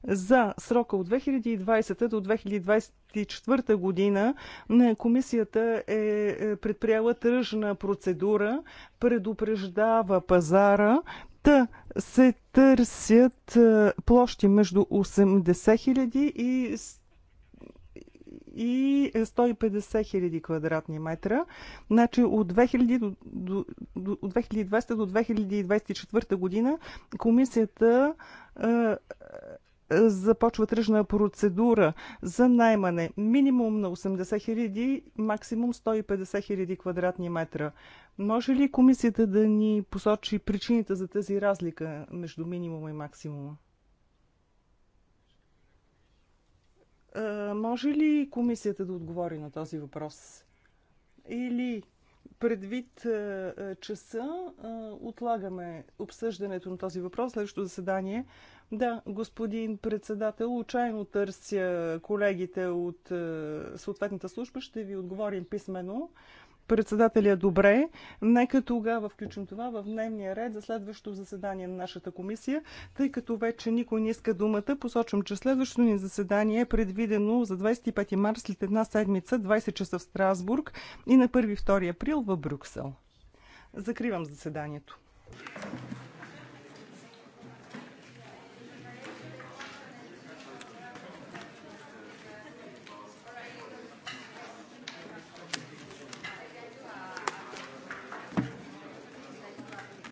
за срока от 2020 до 2024 година е, комисията е, е предприела тръжна процедура, предупреждава пазара, Та се търсят е, площи между 80 000 и и 150 хиляди квадратни метра. Значи от, 2000 до, до, от 2200 до 2024 година комисията е, започва тръжна процедура за наймане минимум на 80 хиляди, максимум 150 хиляди квадратни метра. Може ли комисията да ни посочи причините за тази разлика между минимума и максимума? Е, може ли комисията да отговори на този въпрос? Или Предвид е, е, часа, е, отлагаме обсъждането на този въпрос, следващото заседание. Да, господин председател, отчаяно търся колегите от съответната служба. Ще ви отговорим писменно. Председателя, добре. Нека тогава включим това в дневния ред за следващото заседание на нашата комисия, тъй като вече никой не иска думата. Посочвам, че следващото ни заседание е предвидено за 25 марта след една седмица, 20 часа в Страсбург и на 1-2 април в Брюксел. Закривам заседанието.